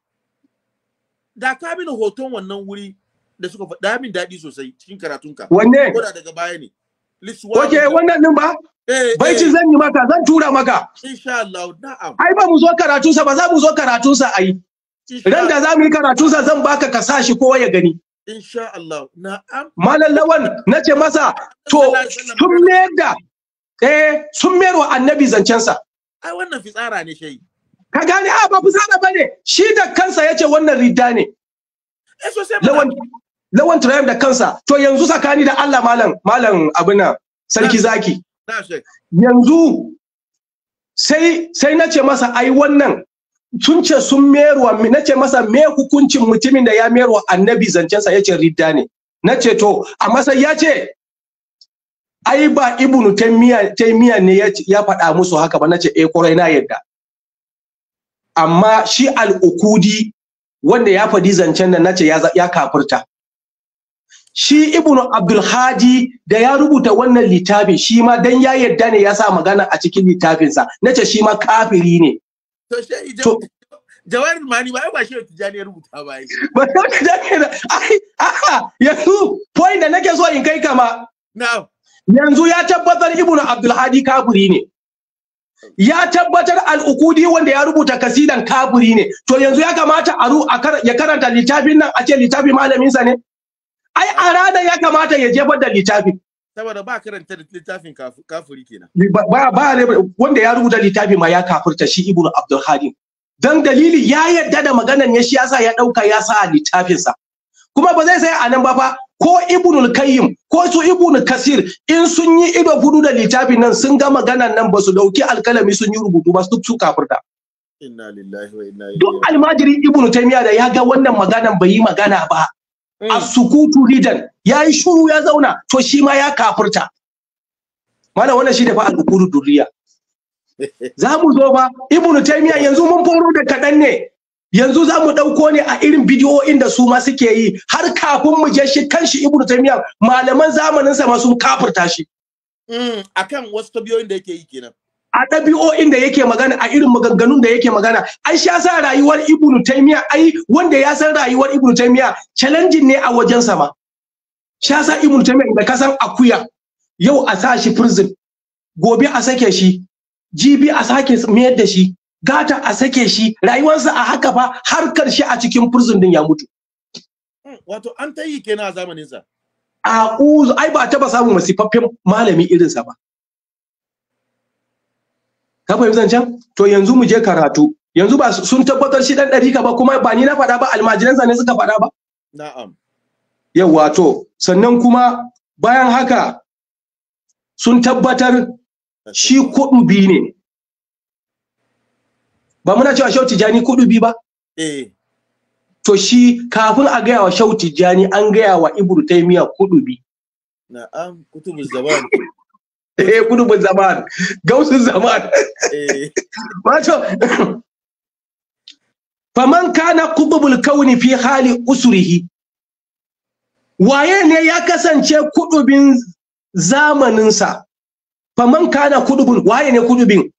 da ka mini hoton wannan wuri da suka faɗa min daɗi sosai cikin karatunka wanne koda daga baya ne Oke wannan din ba? Eh, eh. bai ci zan yi maka zan tura maka. Insha Allah na'am. Ai ba mu zo karatunsa ba za mu zo karatunsa ai. Ran da za mu yi karatunsa zan baka ka sa shi kowa ya gani. Insha Allah. Na'am. Malam Lawan nace masa to sun mayar da eh sun mayar wa annabi zancensa. Ai wannan fitsara ne shayi. Ka gane a ah, ba fitsara bane shi da kansa yace wannan ridda ne. Eh, Lawan Lawan Triumph da kansa to yanzu tsakani da Allah malam malam abuna sarki zaki. Yanzu sai sai nace masa ai wannan sun ce sun meruwa na ce masa me hukuncin mutumin da ya meruwa annabi zancensa ya ce ridda ne na ce to a masa ya ce ai ba ibnu taimiya ne ya faɗa musu haka ba na ce eh kwarai na yadda amma shi al'ukudi wanda ya faɗi zancen nan na ce ya kafirta shi ibnu abdulhadi da ya rubuta wannan littafin shi ma dan ya yadda ne ya sa magana a cikin littafinsa na ce shi ma kafiri ne to shi ijo jawarin mani ba ba shi tijani ya rubuta ba yi ba ta tijani ai aha yanzu point da nake so in kai kama na'am yanzu ya tabbatar ibnu abdulhadi kafiri ne ya tabbatar al'ukudi wanda ya rubuta kasidan kafiri ne to yanzu ya kamata a ya karanta littafin nan a ce littafi malaminsa ne ai a ya kamata ya jefar da littafin saboda ba karanta littafin kenan ba ba ne wanda ya rubuta littafi ma ya kafirta shi ibnu abdul halim dan dalili ya yadda da maganan ya shi yasa ya dauka ya sa a littafin sa kuma ba zai sai anan ba fa ko ibnu kayyim ko su ibnu kasir in sun yi ido hudu da littafin nan sun ga maganan nan ba su dauki alkalami sun yi rubutu ba su su kafirta inna lillahi wa inna ilaihi duk almajiri ibnu taymiya da ya ga wannan maganan bai yi magana ba Mm. a sukutu ridan yi shuru ya zauna to shi ma ya kafurta malam wannan shi da fa al'ukuru duriya za mu zo ba ibnu taymiya yanzu mun furo da kadan ne yanzu za mu ɗauko ne a irin in da su ma suke yi har kafin mu je shi kan shi ibnu taymiya malaman zamanin sa ma sun kafurta shi mm, akan wasu tabiyoyin da yake yi kenan a ɗabi'o'in da yake magana a irin maganganun da yake magana ai shi sa rayuwar ibnu taymiya ai wanda ya san rayuwar ibnu taymiya challenging ne a wajen sa ma shi sa ibnu taymiya da kasan akuya yau a sa shi prison gobe a sake shi jibi a sake mayar da shi gata a sake shi rayuwarsa a haka fa har karshe a cikin prison din ya mutu hmm, wato an ta yi kenan a zamanin sa a ai ba taba samun masifaffen malami irinsa ba ka fahimci zancen to yanzu mu je karatu yanzu ba sun tabbatar shi dan ka ba kuma ba ni na faɗa ba almajiransa ne suka faɗa ba na'am yawa to sannan kuma bayan haka sun tabbatar shi kuɗubi ne ba muna cewa shauti jani kuɗubi ba eh. to shi kafin a gaya wa shauti jani an gaya wa ibru taimiya kuɗubi na'am kutubu zaman eh gudubin zaman gausin zaman wato eh. faman kana kububul kauni fi hali usurihi waye ne ya kasance kudubin zamaninsa faman kana kudubun waye ne kudubin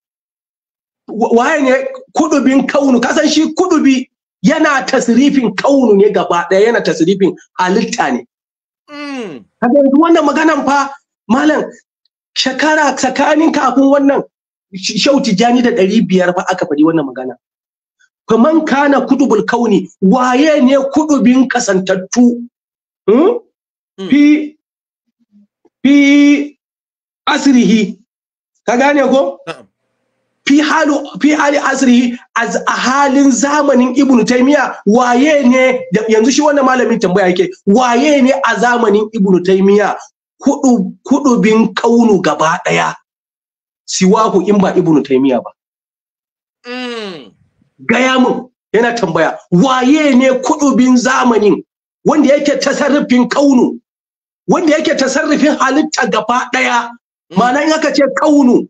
waye ne kudubin kaunu kasan shi kudubi yana tasrifin kaunu ne gaba daya yana tasrifin halitta ne mm. wannan maganan fa malam shekara tsakanin kafin wannan shau tijani da ɗari biyar fa aka faɗi wannan magana man kana kutubul kauni waye ne kudubin kasantattu hmm? Hmm. fi fi asrihi ka gane ko fi halu fi hali asrihi a halin zamanin ibn taymiya waye ne yanzu shi wannan malamin tambaya yake waye ne a zamanin ibn taymiya kudu kudubin kaunu gaba daya siwahu in ba ibnu taymiya ba mm. gaya mun yana tambaya waye ne kudubin zamanin wanda yake tasarrufin kaunu wanda yake tasarrufin halitta gaba daya mm. ma'ana in aka ce kaunu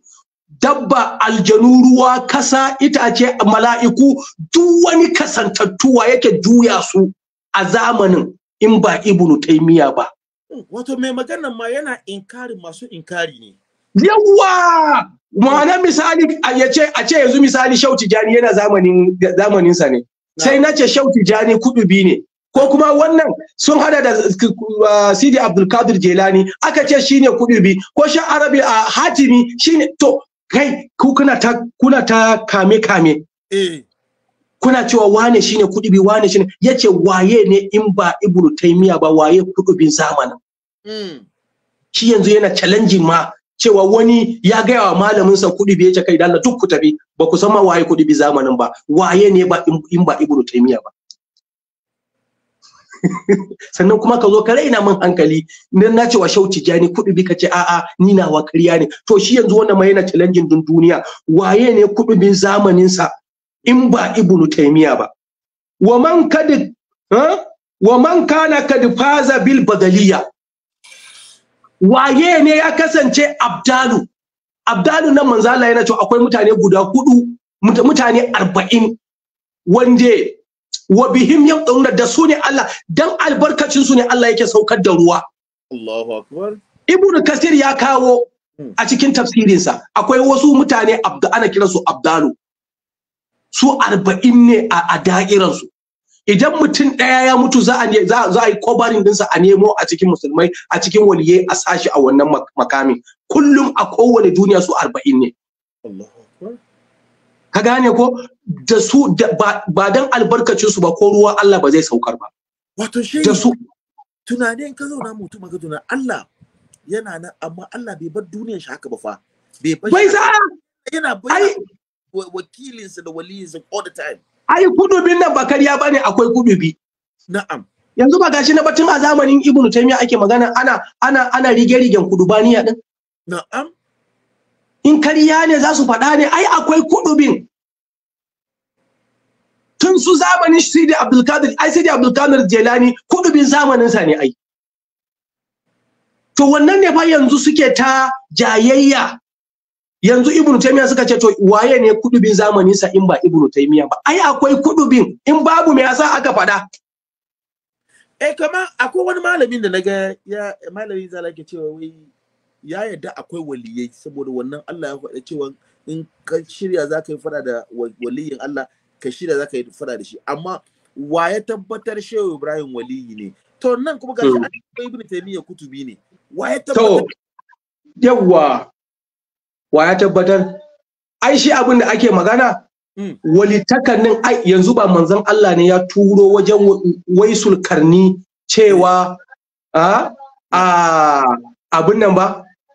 dabba aljanuruwa, ruwa kasa itace mala'iku duk wani kasantattuwa yake juya su a zamanin in ba ibnu taymiya ba Wato mai maganar ma yana inkari masu inkari ne. Yawwa! Ma'ana misali ya ce a ce yanzu misali Shau jani yana zamanin zamanin sa ne. Sai na ce Shau kudu bi ne. Ko kuma wannan sun hada da uh, Sidi Abdulkadir Jelani aka ce shine bi ko Shan Arabi a uh, Hatimi shine to kai ku kuna ta kuna ta kame kame. Eh. kuna cewa wane shine bi wane shine yace waye ne in ba ibnu taymiya ba waye bin zamanin Mm. shi yanzu yana challenge ma cewa wani ya gaya wa malaminsa kuɗi bai ce kai da duk ku tafi ba ku san ma waye kuɗi bi zamanin ba waye ne ba in ba ibnu taymiya ba sannan kuma ka zo ka raina min hankali nan na cewa shauci jani kuɗi bi ka ce a'a ni na wa kariya ne to shi yanzu wannan ma yana challenge din duniya waye ne bi zamanin zamaninsa in ba ibnu taymiya ba wa man kad wa man kana kad faza bil badaliyah waye ne ya kasance abdalu abdalu nan manzo Allah yana cewa akwai mutane guda hudu mutane arba'in wanda wa bihim yaqduna da su ne Allah dan albarkacin su ne Allah yake saukar da ruwa Allahu akbar ibnu Kasir ya kawo hmm. a cikin tafsirinsa akwai wasu mutane ana kiransu abdalu su arba'in ne a da'iransu idan mutum ɗaya ya mutu za a yi kobarin dinsa a nemo a cikin musulmai a cikin waliyai a sashi a wannan makamin kullum a kowane duniya su arba'in ne ka gane ko da su ba dan albarkacin su ba ko ruwa Allah ba zai saukar ba wato shi da su tunanin ka zauna mutum maka tunan Allah yana nan amma Allah bai bar duniyar shi haka ba fa bai bar yana bai wakilinsa da waliyinsa all the time ai kudubin nan ba kariya bane akwai kudubi na'am yanzu ba gashi na batun a zamanin ibnu taymiya ake magana ana ana ana rige rigen kudubaniya din na'am in kariya ne za su faɗa ne ai akwai kudubin tun su zamanin Sidi Abdulkadir ai Sidi Abdulkadir Jelani kudubin zamanin sa ne ai to wannan ne fa yanzu suke ta jayayya yanzu ibnu taymiya suka ce to waye ne kudubin zamanin sa in ba ibnu taymiya ba ai akwai kudubin in babu me yasa aka faɗa eh kuma akwai wani malamin da naga ya malami zala ke cewa wai ya yadda akwai waliyai saboda wannan Allah ya faɗa cewa in ka shirya za ka yi fada da waliyin Allah ka shirya za ka yi fada da shi amma waye tabbatar shehu Ibrahim waliyi ne to nan kuma ga shi hmm. ibnu taymiya kutubi ne waye tabbatar yawwa wa ya tabbatar ai shi abin da ake magana hmm. walitakannin ai yanzu ba manzon Allah ne ya turo wajen waisul karni cewa hmm. ah, a abin nan ba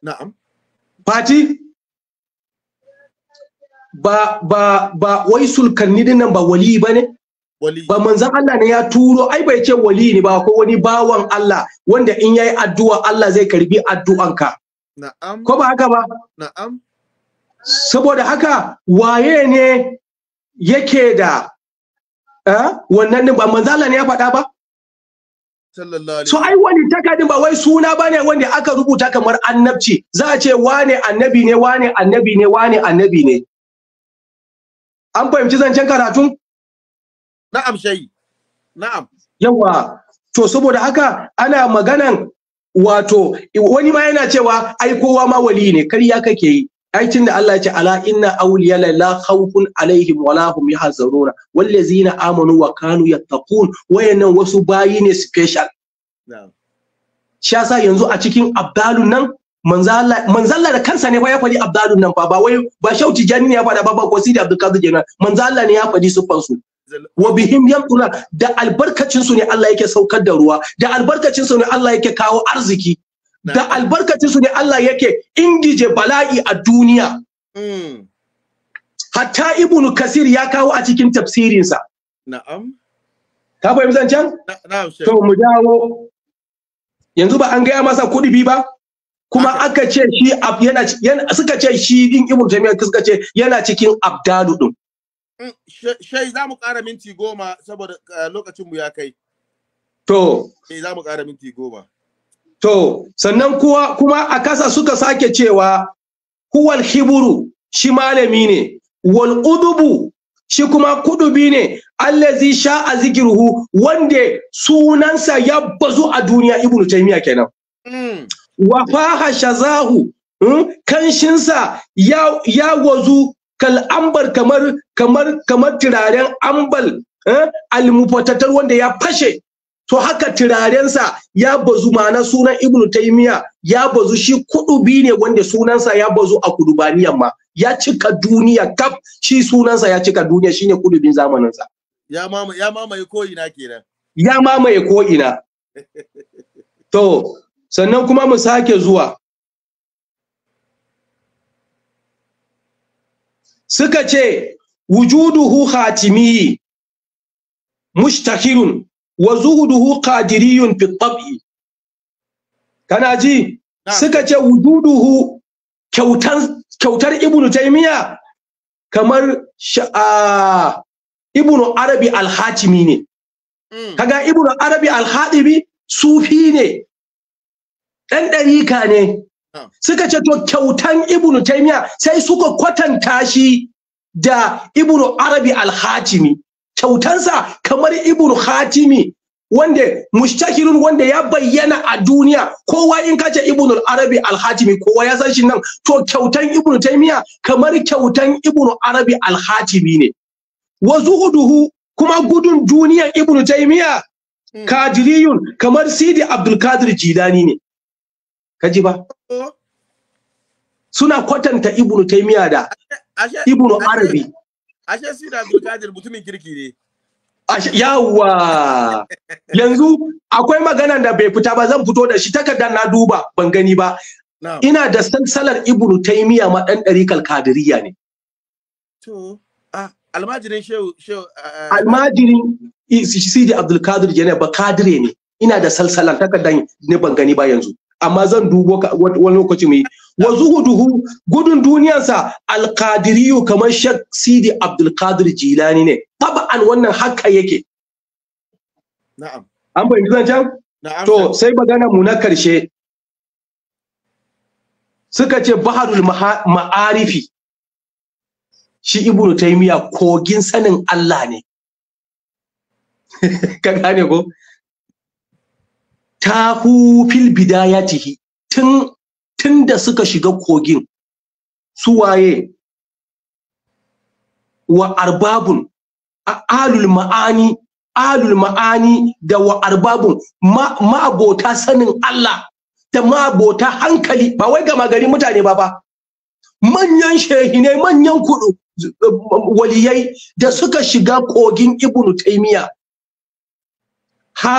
na'am fati ba ba ba waisul karni din nan ba wali ba ne ba manzan Allah ne ya turo ai bai ce wali ne ba ko wani bawan Allah wanda in yayi addu'a Allah zai karbi addu'anka na'am ko ba haka ba na'am saboda haka waye ne yake da eh, wannan din ba manzala ne ya faɗa ba so ai wani takardin ba wai suna bane wanda aka rubuta kamar annabci za a ce wane annabi ne wane annabi ne wane annabi ne an fahimci zancen karatun na'am shayi na'am yawa to saboda haka ana maganan wato wani ma yana cewa ai kowa ma wali ne karya kake yi tun da Allah ya ce ala inna awliya la khawfun alaihim wala hum yahzaruna ladzina amanu wa kanu yattaqun wayannan wasu bayi ne special shi yasa yanzu a cikin abdalun nan Allah da kansa ne ya faɗi abdalun nan fa ba wai ba shauti janni ne ya faɗa ba ba ko sidi abdul kadir jana Allah ne ya faɗi sufan su wa bihim yamkuna da albarkacin su ne Allah yake saukar da ruwa da albarkacin su ne Allah yake kawo arziki da albarkacin su ne Allah yake ingije bala'i a duniya mm. hatta ibn kasir ya kawo a cikin tafsirinsa na'am ka fahimci zancen to mu dawo yanzu ba an gaya masa kuɗi bi ba kuma aka ce shi yana suka ce shi din ibn taymiya suka ce yana cikin abdalu din mm, shai za mu ƙara minti goma saboda eh, lokacinmu ya kai to eh, za mu ƙara minti goma To, sannan kuwa kuma a kasa suka sake cewa huwal hiburu shi malami ne, wal udubu shi kuma kudubi ne, allazi sha a zikirhu wanda sunansa ya bazu a duniya ibnu taimiya kenan. Mm. Wa fahasha zahu hmm, kanshinsa ya, ya wazu kal'ambar kamar kamar kamar turaren ambal eh? wanda ya fashe to haka turarensa ya bazu ma'ana sunan ibnu taymiya ya bazu shi kudubi ne wanda sunansa ya bazu a kudubaniyan ma ya cika duniya kaf shi sunansa ya cika duniya shine kudubin zamaninsa ya mama ya mamaye ko ina kenan ya mamaye ko ina to sannan kuma mu sake zuwa suka ce wujuduhu khatimi mushtahirun wa zuhuduhu qadiriyun fi tab'i kana ji suka ce wududuhu kyautan kyautar ibnu taymiya kamar ibnu arabi al-hatimi ne mm. kaga ibnu arabi al-hatimi sufi ne dan ɗarika ne suka ce to kyautan ibnu taymiya sai suka kwatanta shi da ibnu arabi al-hatimi kyautansa kamar ibnu khatimi wanda mustakirun wanda ya bayyana a duniya kowa in ka ce ibnu arabi al-hatimi kowa ya san shi nan to kyautan ibnu taymiya kamar kyautan ibnu arabi al-hatimi ne wa zuhuduhu kuma gudun duniya ibnu taymiya hmm. kadiriyun kamar sidi abdul kadir jilani ne kaji ba oh. suna kwatanta ibnu taymiya da ibnu arabi ashe Sidi Abdulkadir mutumin kirki ne yawa yanzu akwai maganan da bai fita ba zan fito da shi takardar na duba ban gani ba ina da sansalar ibnu taymiya ma dan ɗarikal kadiriya ne to ah almajirin shehu shehu almajirin sidi abdul kadir jene ba kadire ne ina da salsalan takardar ne ban gani ba yanzu amma zan dubo wani lokaci mai wa zuhuduhu gudun duniyarsa alkadiriyu kamar shak sidi abdulkadir jilani ne taba'an wannan haka yake na'am an fahimci zancen to sai magana mu na karshe suka ce baharul ma'arifi shi ibnu taymiya kogin sanin Allah ne ka gane ko tahu fil bidayatihi tun tun da suka shiga kogin su waye wa arbabun alul ma'ani alul ma'ani da wa arbabun ma'abota sanin Allah da ma'abota hankali ba wai gama gari mutane ba ba manyan shehinai manyan kudu waliyai da suka shiga kogin ibnu taimiya ha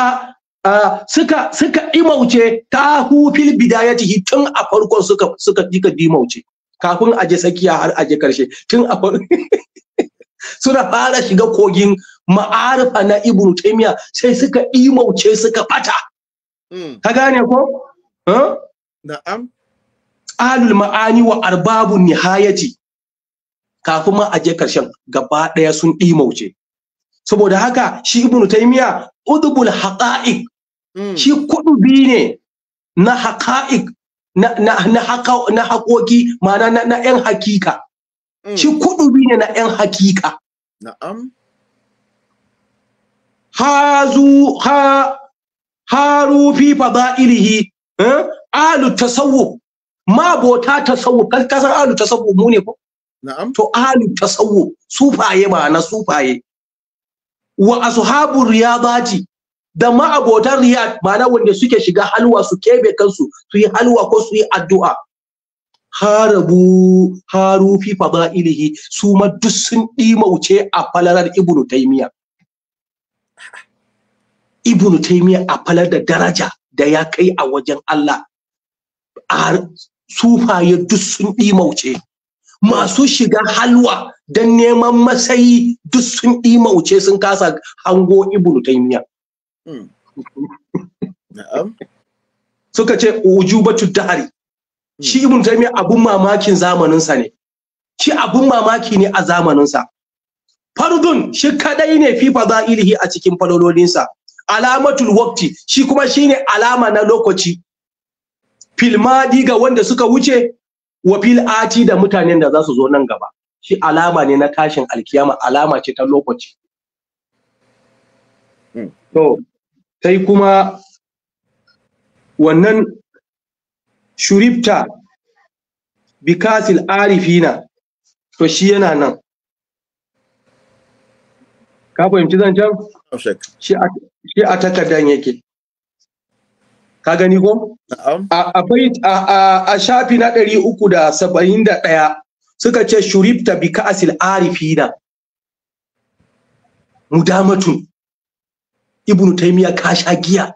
Ah, suka suka imauce ta hufil bidayatihi tun a farko suka suka jika dimauce kafin aje sakiya har aje karshe tun a suna fara shiga kogin ma'arifa na ibnu taymiya sai suka imauce suka bata hmm. ka gane ko na'am alul ma'ani wa arbabun nihayati kafin ma aje karshen gaba daya sun imauce saboda haka shi ibnu taymiya udbul haqa'iq mm. shi kudubi ne na haqa'iq na na haqa na hakoki, ma'ana na na yan hakika mm. shi kudubi ne na yan hakika na'am hazu ha haru fi fada'ilihi eh? alu tasawuf ma bota tasawuf kan kasan alu tasawuf mu ne ko na'am to alu tasawuf sufaye ma na sufaye wa ashabu riyadati da ma abotan riyad mana wanda suke shiga halwa su kebe kansu su yi halwa ko su yi addu'a harabu haru fi fada'ilihi su ma duk sun dimauce a falalar ibnu taymiya ibnu taymiya a falar da daraja da ya kai a wajen Allah sufaye duk sun dimauce masu shiga halwa don neman matsayi duk sun ɗimauce sun kasa hango ibnu taymiya hmm. suka ce ujubatu dahari hmm. shi ibnu taymiya abun mamakin zamaninsa ne shi abun mamaki ne a zamaninsa fardun shi kadai ne fi ilihi a cikin falololinsa alamatul wakti shi kuma shine alama na lokaci filmadi ga wanda suka wuce wafil fil ati da mutanen da za su zo nan gaba shi alama ne na tashin alkiyama alama ce ta lokaci hmm. to sai kuma wannan shuribta bikasil arifina to shi yana nan ka fahimci zancen shi a takardan yake ka gani ko akwai a shafi na ɗari uku da saba'in da ɗaya suka ce shurifta bi ka'asil arifina mudamatun Ibn taimiya ka sha giya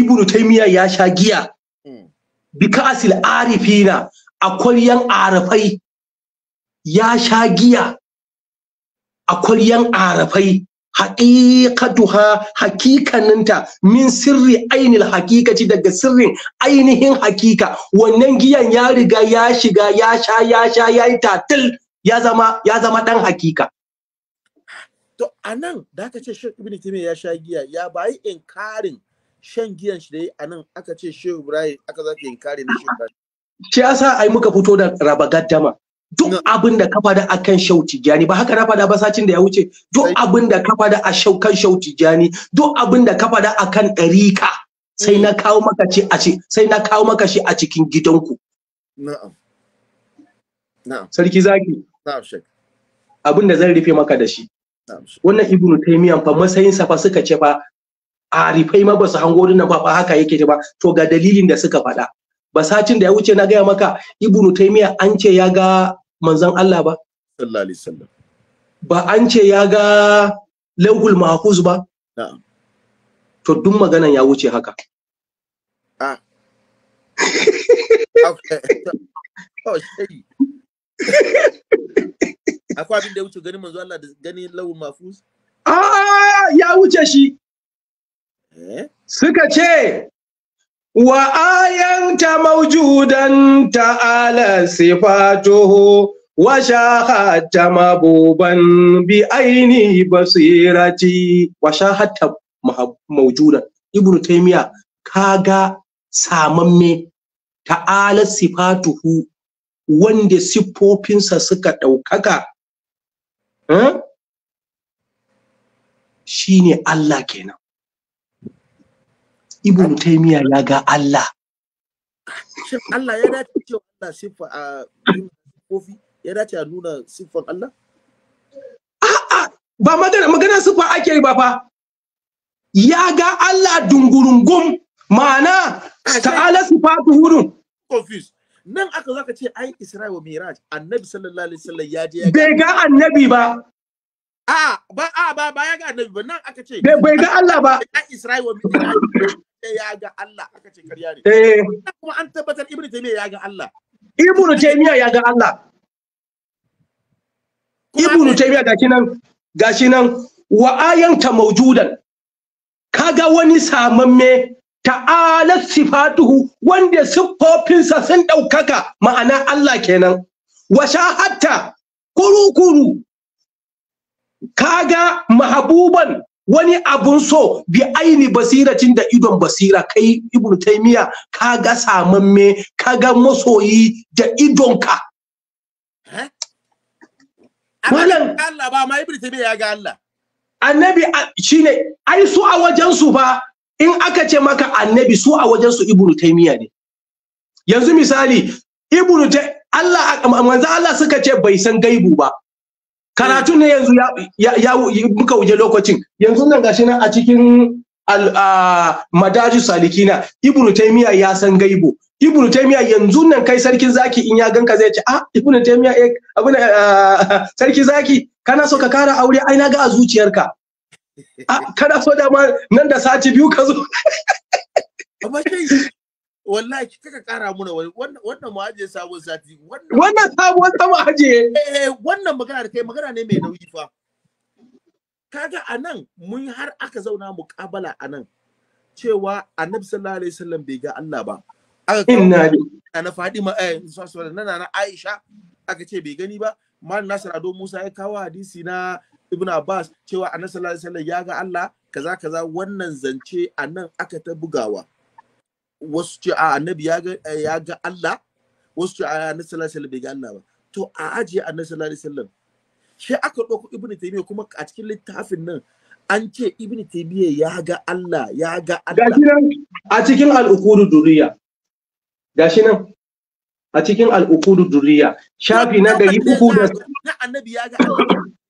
Ibn taimiya ya sha giya hmm. bi ka'asil arifina a kwaryan arafai ya sha giya a kwaryan arafai haqiqatuha hakikaninta min sirri ainil hakikaci daga sirrin ainihin hakika wannan giyan ya riga ya shiga ya sha ya sha ya yi tatil ya zama ya zama dan hakika to anan da aka ce Sheikh Ibn Taymiyyah ya sha giya ya bayi inkarin shan giyan shi da yi anan aka ce Sheikh Ibrahim aka zaka inkarin shi shi yasa ai muka fito da raba gaddama duk abin da ka faɗa akan shau tijani ba haka na fada ba sacin da ya wuce duk abin da ka fada a shau kan shau tijani duk abin da ka a akan ɗarika sai na mm. kawo maka ce a sai na kawo maka shi a cikin gidanku na'am na'am sarki zaki na'am shek abin da zan rufe maka da shi wannan ibnu taymiyan fa matsayinsa fa suka ce fa arifai ma ba su hango dinnan ba fa haka yake ba to ga dalilin da suka faɗa basacin da ya wuce na gaya maka ibnu taymiya an ce ya ga manzan Allah ba sallallahu alaihi wasallam ba an ce ya ga lawhul mahfuz ba na'am to duk maganan ya wuce haka ah oh shey akwai abin da ya wuce gani manzo Allah da gani lawul mafus Ah, ya wuce shi eh? suka ce wa mawujuda ta alas ifa tuhu, wata hada mabuban biyayini ba su yi raji. Wa sha hada mawujuda. Ibrahim ta yi miya, hu wanda siffofinsa suka ɗauka ka? Hm? Shi Allah kenan. ibn taymiya ya ga Allah shin Allah ya dace ce Allah siffa a kofi ya dace a nuna siffan Allah a'a ba magana magana siffa ake yi ba fa ya ga Allah dungurungum ma'ana ta'ala sifatu hurun confused nan aka zaka ce ai Isra'i wa Miraj annabi sallallahu alaihi wasallam ya je ya bai ga annabi ba a ba a ba ba ya ga annabi ba nan aka ce bai ga Allah ba ai Isra'i wa Miraj ya ga Allah aka ce ƙarya ne eh kuma an tabbatar ibnu taymiya ya ga Allah ibnu taymiya ya ga Allah ibnu taymiya gashi nan gashi nan wa ayanta maujudan kaga wani samamme ta'ala sifatuhu wanda siffofinsa sun ɗaukaka ma'ana Allah kenan wa shahatta kuru-kuru kaga mahabuban wani abun so bi aini basiracin da idon basira kai ibnu taymiya ka ga me, ka ga masoyi da idonka wannan eh? Allah ba ma ibnu taymiya ya ga Allah annabi shine ai su a wajen su ba in aka ce maka annabi su a wajen su ibnu taymiya ne yanzu misali ibnu Allah manzo Allah suka ce bai san gaibu ba karatun ne yanzu ya muka wuce lokacin yanzu nan gashi nan a cikin madaju salikina ibnu taymiya ya san gaibo ibnu taymiya yanzu nan kai sarkin zaki in ya ganka zai ce ah ibnu taymiya uh, sarki zaki kana so ka kara aure ai na ga a zuciyarka ah, kana so da nan da sati biyu ka zo wallahi ki kaka kara muna wannan mu aje sabon sati wannan sabon sama aje eh, eh wannan magana da kai magana ne mai nauyi fa kaga anan mun har aka zauna mu muƙabala anan cewa annabi sallallahu alaihi wasallam bai ga Allah ba aka inna na Fadima eh na na Aisha aka ce bai gani ba Mal Nasir Ado Musa ya kawo hadisi na Ibn Abbas cewa annabi sallallahu alaihi wasallam ya ga Allah kaza kaza wannan zance anan aka ta bugawa wasu ce a annabi eh, ya ga Allah wasu ce a annabi sallallahu alaihi bai ga Allah ba to a ajiye annabi sallallahu alaihi wasallam shi aka ɗauko ibn taymiya kuma a cikin littafin nan an ce ibn taymiya ya ga Allah ya ga Allah a cikin al'ukudu duriya gashi nan a cikin al'ukudu duriya shafi na uku da. na annabi ya ga Allah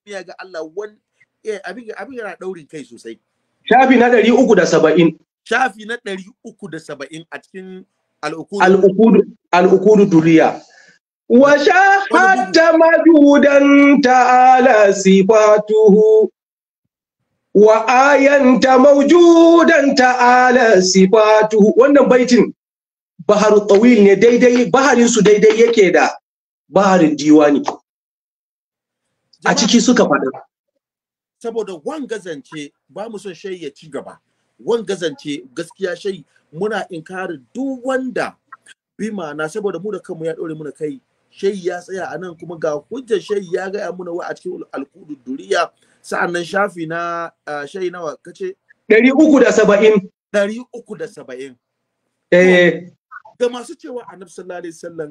ya ga Allah wani eh, abin abin yana daurin kai sosai shafi na 370 shafi na ɗari uku da saba'in a cikin al'ukudu duniya. Wa shahadda madudan ta'ala sifatuhu wa ayanta maujudan ta'ala sifatuhu wannan baitin baharu tawil ne daidai baharin su daidai yake da baharin diwani a ciki suka faɗa saboda wanga gazance ba mu son shayya ci gaba wangazance gaskiya shai muna inkarin duk wanda bi ma'ana saboda mu da kanmu ya ɗore muna kai shai ya tsaya a nan kuma ga hujjar shai ya gaya muna wa a cikin alkudu duriya sa'annan shafi na ah, shai nawa kace ɗari uku da saba'in ɗari uku da saba'in eh. ga masu cewa annabi sallallahu alaihi wasallam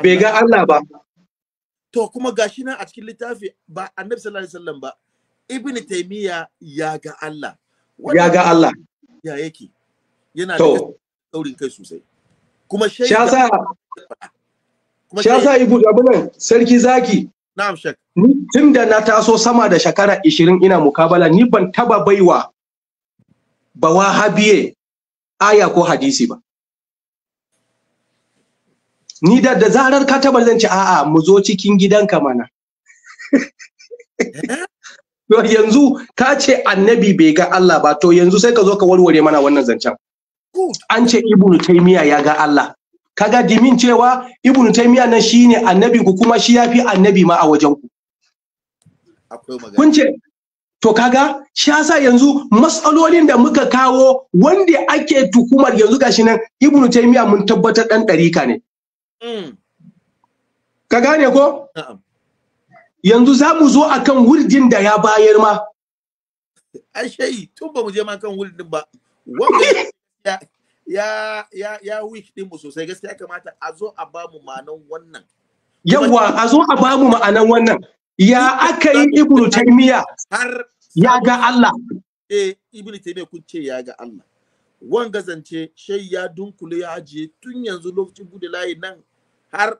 bai ga Allah ba to kuma gashi nan a cikin littafi ba annabi sallallahu alaihi wasallam ba ibn taymiya ya ga Allah ya ga Allah ya yake yana da daurin kai sosai kuma shaida kuma shaida ibu abunan sarki zaki na'am shek tun da na taso sama da shekara 20 ina mukabala ni ban taba baiwa ba wahabiye aya ko hadisi ba ni da da zarar ka taba zan ce a'a mu zo cikin gidanka mana eh? yanzu ka ce annabi bai ga Allah ba to yanzu sai ka zo ka warware mana wannan zancen an ce ibnu taymiya ya ga Allah kaga dimin cewa ibnu taymiya nan shine annabi ku kuma shi yafi annabi ma a wajen ku kun ce to kaga shi yasa yanzu matsalolin da muka kawo wanda ake tukumar yanzu gashi nan ibnu taymiya mun tabbatar dan ɗarika ne mm. ka gane ko yanzu za mu zo akan wurdin da ya bayar ma ashe tun ba mu je ma kan wurdin ba wanda ya ya ya wish din mu sosai gaskiya kamata a zo a ba mu ma'anan wannan yawa a zo a ba mu ma'anan wannan ya aka yi ibnu taymiya har ya ga Allah eh ibnu taymiya kun ce ya ga Allah Wan gazance shai ya dunkule ya ajiye tun yanzu lokacin bude layi nan har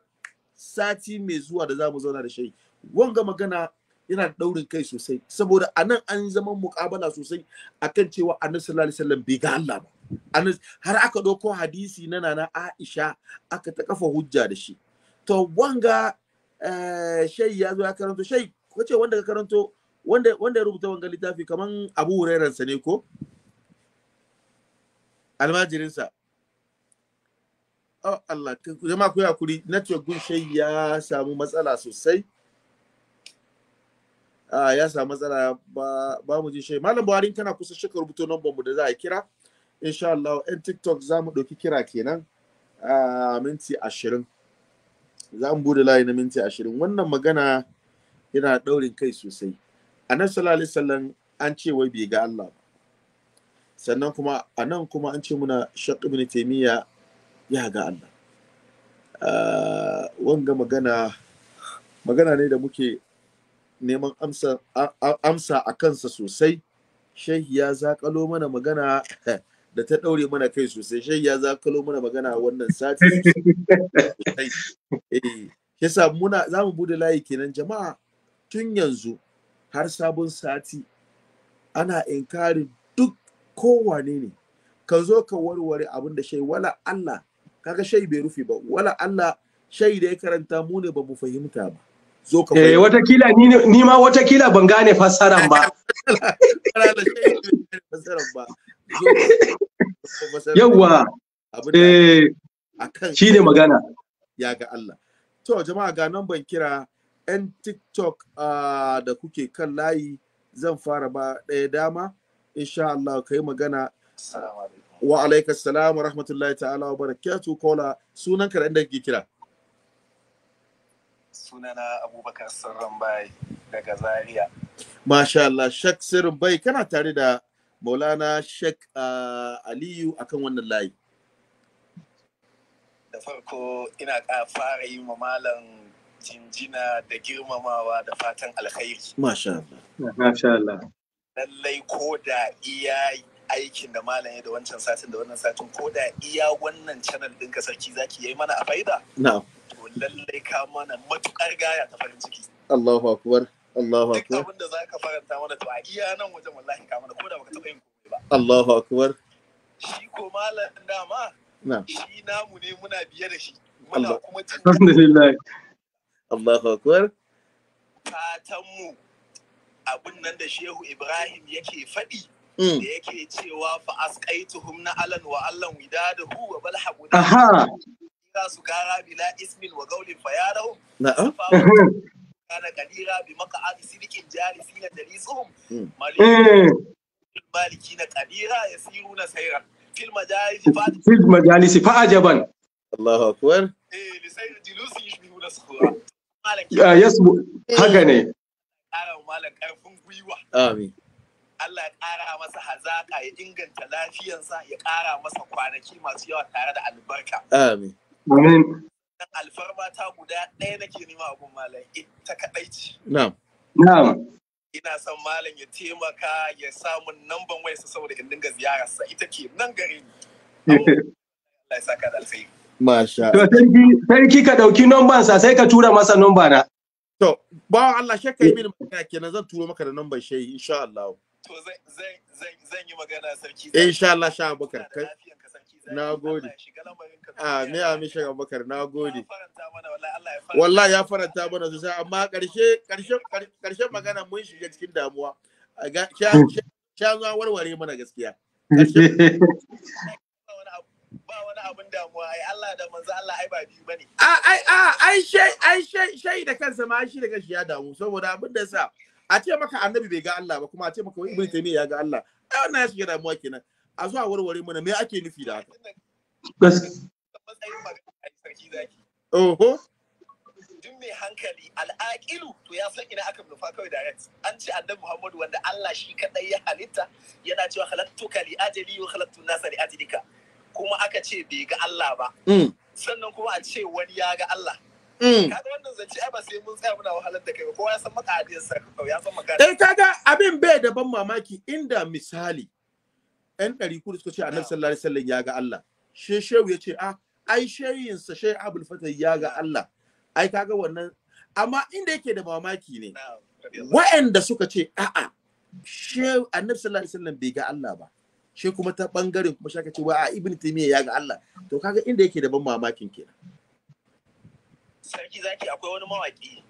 sati mai zuwa da zamu zauna da shai wanga magana yana da daurin kai sosai saboda anan an an zama mukabala sosai akan cewa annabi sallallahu alaihi wasallam bai ga Allah ba har aka ɗauko hadisi na nana Aisha aka ta kafa hujja da shi to wanga eh, shay ya zo ya karanto shai kace wanda ka karanto wanda wanda ya rubuta wanga littafi kaman Abu Hurairah sa ne ko almajirin sa oh Allah jama'a ku hakuri network gun shai ya samu matsala sosai Ah, ya samu matsala ba mu ji shi malam buhari kana kusa shi rubuto number mu da za a kira insha Allah yan tiktok za mu ɗauki kira kenan a ah, minti ashirin za mu bude layi na minti ashirin wannan magana yana ɗaurin kai sosai a nan sallallahu an ce wai bai ga Allah ba sannan kuma a nan kuma an ce muna shaƙi bin taimiyya ya ga Allah ah, wanga magana magana ne da muke neman amsa a kansa sosai shehi ya zakalo mana magana eh, da ta ɗaure mana kai sosai shehi ya zakalo mana magana wannan sati eh, yasa muna za mu bude layi kenan jama'a tun yanzu har sabon sati ana inkarin duk kowane ne ka zo ka warware abin da shai wala Allah kaga shai bai rufe ba wala Allah shai da ya karanta mu ne ba mu fahimta ba zo eh, watakila ni ma watakila ban gane fassaran ba yawwa eh shi magana ya ga Allah to jama'a ga nan ban kira 'yan tiktok ah, da kuke kan layi zan fara ba dama insha Allah wa rahmatullahi ta'ala wa barakatu kola sunan da inda kira sunana abubakar sirrin bai daga zaria masha Allah shek sirrin bai kana tare da maulana shek uh, aliyu akan wannan layi da farko ina fara yi ma malam jinjina da girmamawa da fatan alkhairi masha Allah masha Allah lallai ko da iya aikin da malam ya da wancan satin da wannan satin ko da iya wannan channel ɗinka sarki zaki yi mana a faida na'am no. to lallai ka mana matukar gaya ta farin ciki Allahu akbar Allahu akbar duk abin da faranta mana to a iya nan wajen wallahi ka mana ko da baka taɓa yin komai ba Allahu akbar shi ko malam dama shi namu ne muna biye da shi muna kuma alhamdulillah Allahu akbar nan da Shehu Ibrahim yake faɗi mm. da yake cewa fa asqaituhum na alan wa allah widadahu wa bal aha su gara bila ismin wa gaulin fayarau na'am kana kadira bi maka adi sidikin jari sina dari jalisuhum maliki na kadira ya siru na saira fil majalisi fa fil majalisi fa ajaban Allahu akbar eh li sayr jilusi yushbihu na sukhura ah, yasbu haka ne ara malan karfin gwiwa amin Allah ya ƙara masa hazaka ya inganta lafiyansa ya ƙara masa kwanaki masu yawa tare da albarka. Amin. Amin. Alfarma ta guda ɗaya nake nema abun malam ita kaɗai ce. Na'am. Ina son malam ya taimaka ya samu namban wayarsa saboda in dinga ziyararsa ita ke nan gare ni. Allah ya saka da alkhairi. Masha. To sai ki ka ɗauki nombansa sai ka tura masa nomba na. To bawan Allah shakka yi mini magana kenan zan turo maka da nomban shayi insha Allah. To zan yi magana sarki. Insha Allah sha baka. na gode a me a mishin abubakar na gode wallah ya faranta mana sosai amma karshe karshen magana mun shiga cikin damuwa sha zuwa warware mana gaskiya ba wani abin damuwa ai Allah da manzo Allah ai ba biyu bane a ai a ai shai ai shai shai da kansa ma shi da kanshi ya damu saboda abin da sa a ce maka annabi bai ga Allah ba kuma a ce maka ibnu taymiya ya ga Allah ai wannan ya shiga damuwa kenan a zuwa warware mana me ake nufi da haka oho duk mai hankali al'aƙilu to ya san ina aka nufa kawai direct an ce annabi muhammadu wanda allah shi kadai ya halitta yana cewa halattu ka li ajali wa halattu nasa li ajlika kuma aka ce bai ga allah ba mm. sannan kuma a ce wani ya ga allah mm. kaga wannan zance ai ba sai mun tsaya muna wahalar da kai ba kowa ya san makadiyar sa kawai ya san makadiyar eh kaga abin bai daban ban mamaki inda misali ɗan ɗari kudu suka ce a nan sallari sallan ya ga Allah Shi shehu ya ce ah ai shehin sa shehu abul fatah ya ga Allah ai kaga wannan amma inda yake da mamaki ne wa'anda suka ce a'a shehu a nan sallari sallan bai ga Allah ba Shi kuma ta ɓangaren kuma shaka ce wa a ibn taymiya ya ga Allah to kaga inda yake da ban mamakin kenan sarki zaki akwai wani mawaki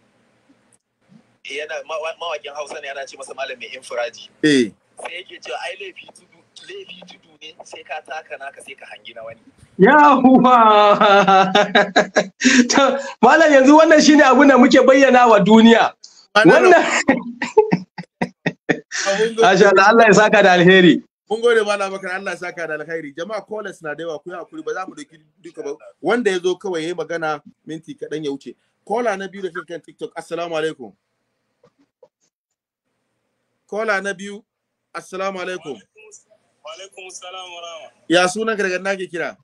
eh, yana mawakin Hausa ne yana ce masa malamin infiraji eh sai yake cewa ai laifi tu laifi tudu ne sai ka taka naka sai ka hangi na wani. Yahuwa! Malam yanzu wannan shi ne abin da muke bayyana wa duniya. Wannan Asha Allah Allah ya saka da alheri. Mun gode ba na Allah ya saka da alheri. Jama'a kolas na da yawa ku hakuri ba za mu dauki duka ba. Wanda ya zo kawai ya yi magana minti kaɗan ya wuce. Kola na biyu da shirkan TikTok. Assalamu alaikum. Kola na biyu. Assalamu alaikum. Walaikum salam wa rama. Ya sunan ka daga nan ke kira?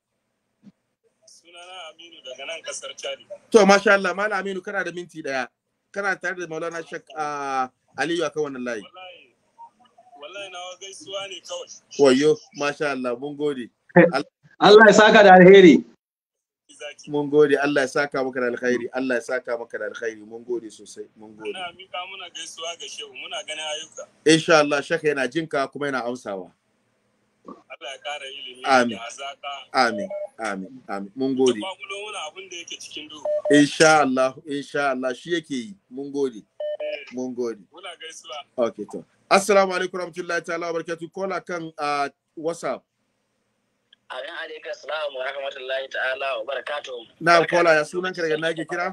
Sunana Aminu daga nan kasar Chadi. To masha Allah Mala Aminu kana da minti daya. Kana tare da Maulana Shak ah, Aliyu akan wannan layi. Wallahi nawa gaisuwa ne kawai. Wayo masha Allah mun gode. Allah ya saka da alheri. Mun gode, Allah ya saka maka da alkhairi, Allah ya saka maka da alkhairi, mun gode sosai, mun gode. Muna mika muna gaisuwa ga shehu, muna ganin ayyuka. Insha Allah, shaka yana jinka kuma yana amsawa. Allah ya kara ilimi amin amin amin amin mun gode abin da yake cikin duhu insha Allah insha Allah shi yake yi mun gode eh, mun gode muna gaisuwa okay to assalamu alaikum warahmatullahi ta'ala wabarakatuh kola kan uh, whatsapp ta'ala Na kola ya sunan ka daga na kira?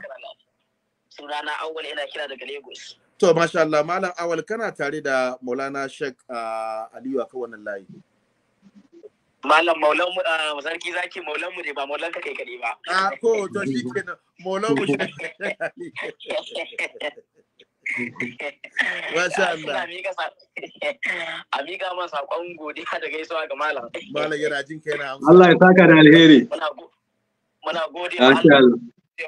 Suna na ina kira daga Lagos. To masha Allah malam awal kana tare da Maulana Sheikh uh, Aliyu a wannan layi. Malam maulan mu ah, sarki zaki maulan mu ne ba maulan ka kai kade ba. Ah ko to shi kenan maulan mu ne. Masha ah, Allah. Amiga ma saƙon godiya da gaisuwa ga malam. Malam yana jin kai na. Allah ya saka da alheri. Muna gode. Masha Allah.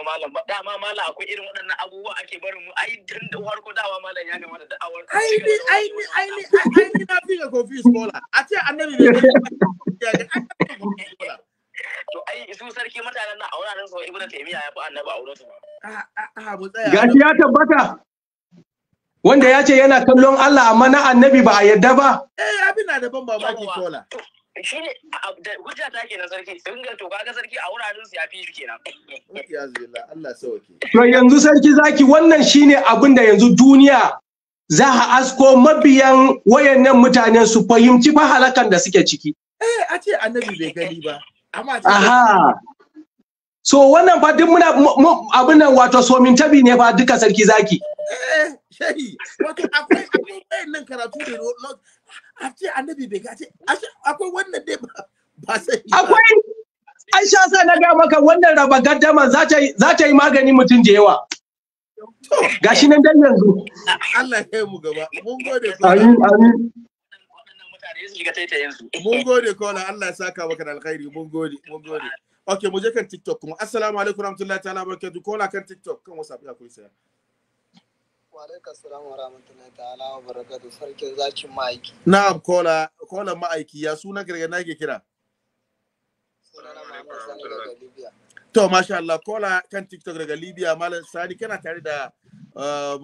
malam ba dama malam akwai irin waɗannan abubuwa ake barin mu ai tun da farko dawa malam ya gama da da'awar ai ni ai ni ai ni ai ni na fi ga kofi smaller a ce annabi ne to ai su sarki mutanen nan a wuraren su ibnu taymiya ya fi annabi a wurin su gashi ya tabbata wanda ya ce yana kallon Allah amma na annabi ba a yadda ba eh abin na da ban mamaki kola shi ne hujja ta ke na sarki sun ga to kaga sarki a wuraren su ya fi shi kenan Allah sauke to yanzu sarki zaki wannan shine abin da yanzu duniya za a asko mabiyan wayannan mutanen su fahimci fa halakan da suke ciki eh a ce annabi bai gani ba amma so wannan fa duk muna abin nan wato somin tabi ne fa duka sarki zaki eh shehi wato akwai akwai karatu da a ce annabi bai ce akwai wannan dai ba ba sai akwai sha sa na ga maka wannan raba gaddama za ta yi magani mutum da yawa gashi nan dan yanzu Allah ya mu gaba mun gode amin amin mun gode kola Allah ya saka maka da alkhairi mun gode mun gode okay mu je kan tiktok kuma assalamu alaikum warahmatullahi ta'ala barakatuh kola kan tiktok kan whatsapp ya koyi saya wa alaikum assalam wa rahmatullahi ta'ala wa barakatuh sarkin zakin ma'aiki na'am kola kola ma'aiki ya sunan kirga nake kira To, masha Allah, kola kan TikTok daga Libya, Malam Sani, kana tare da uh,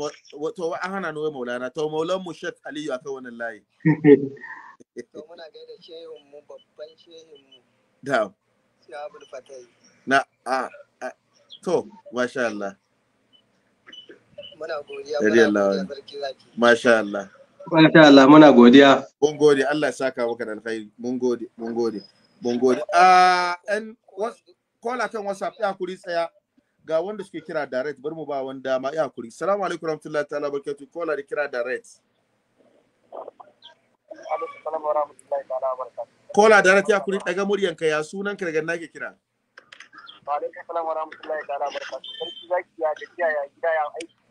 to an hana nuwa maulana, to maulan mu Sheikh Aliyu akan wannan layi. to muna gaida babban da Shabul Fatai na a to masha Allah muna godiya muna godiya masha Allah Masha Allah muna godiya. Mun gode Allah ya saka maka da alkhairi. Mun gode, mun gode, mun gode. ɗan kola kan WhatsApp ya kuri tsaya ga wanda suke kira direct bari mu ba wanda ma ya kuri. salamu alaikum warahmatullahi ta'ala barakatuh. Kola da kira direct. kola da rafiya kuri daga muryan ya sunan ka daga nake kira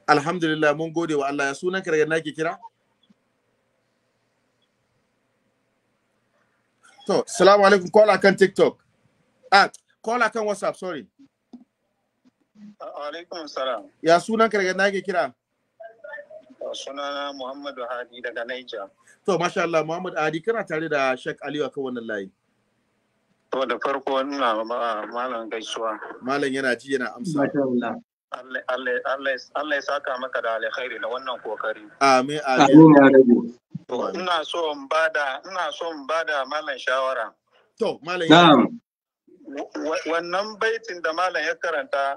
alhamdulillah mun gode wa Allah ya sunan ka daga nake kira To, salamu alaikum, kola kan TikTok. Ah, kola kan WhatsApp, sorry. Alaikum salam. Ya sunan ka daga kira? sunana Muhammadu Hadi daga Niger. To, masha Allah, Muhammad Hadi, kana tare da sheikh Aliyu kan wannan layi. To, da farko ina malam gaisuwa. Malam yana ji yana amsa. Allah ya saka maka da alkhairi da wannan kokari. Amin, amin. Ina so in bada, ina so in bada malam shawara. To, malam ya. Wannan baitin da malam ya karanta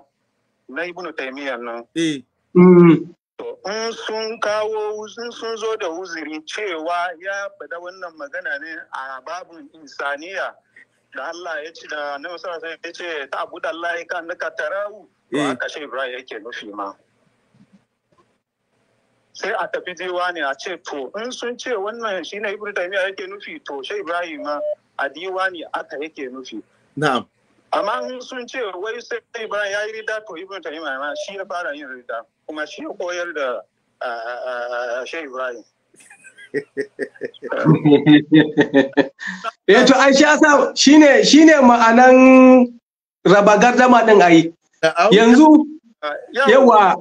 na Ibn Taymiyyah nan. Eh. Mm. To in sun kawo in sun zo da uzuri cewa ya faɗa wannan magana ne a babin insaniya da Allah ya ci da na masara ya ce ta abu da Allah ya ka naka tarawu to eh. a kashe Ibrahim yake nufi ma. Sai a tafi jewa ne a ce to in sun ce wannan shi na Ibn ya yake nufi to shi Ibrahim ma a diwa ne aka yake nufi. Na'am. Amma in sun ce wai sai Ibrahim ya yi rida to Ibrahim Taymiyyah ma shi ya fara yin rida. kuma shi koyar da shi Ibrahim. Eh to ai shi ne shine shine ma'anan raba gardama din ayi. Yanzu yawa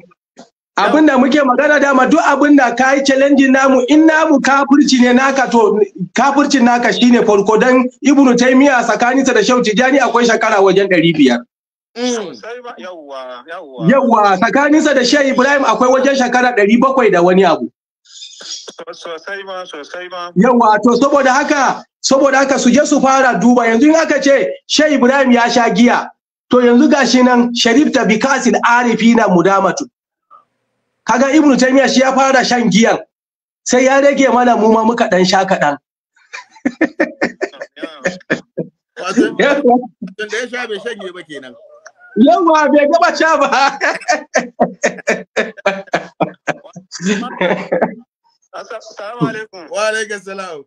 abinda muke magana dama duk abinda ka yi challenge namu in namu kafirci ne naka to kafircin naka shine farko dan Ibnu miya tsakaninsa da Shauti Jani akwai shekara wajen ɗari biyar. Mm. Yawwa, tsakaninsa da Shehu Ibrahim akwai wajen shekara ɗari bakwai da wani abu. Sosai ma, sosai ma. Yawwa, to saboda haka, saboda haka su je su fara duba yanzu in aka ce Shehu Ibrahim ya sha giya, to yanzu gashi nan Sharif ta bi kasil arifi na mudamatu. Kaga ibnu Taymiyyah shi ya fara shan giyan, sai ya rage mana mu ma muka ɗan sha kaɗan. Wato, da ya sha bai shanye ba kenan. yawa bai gaba ca ba assalamu alaikum wa alaikum salam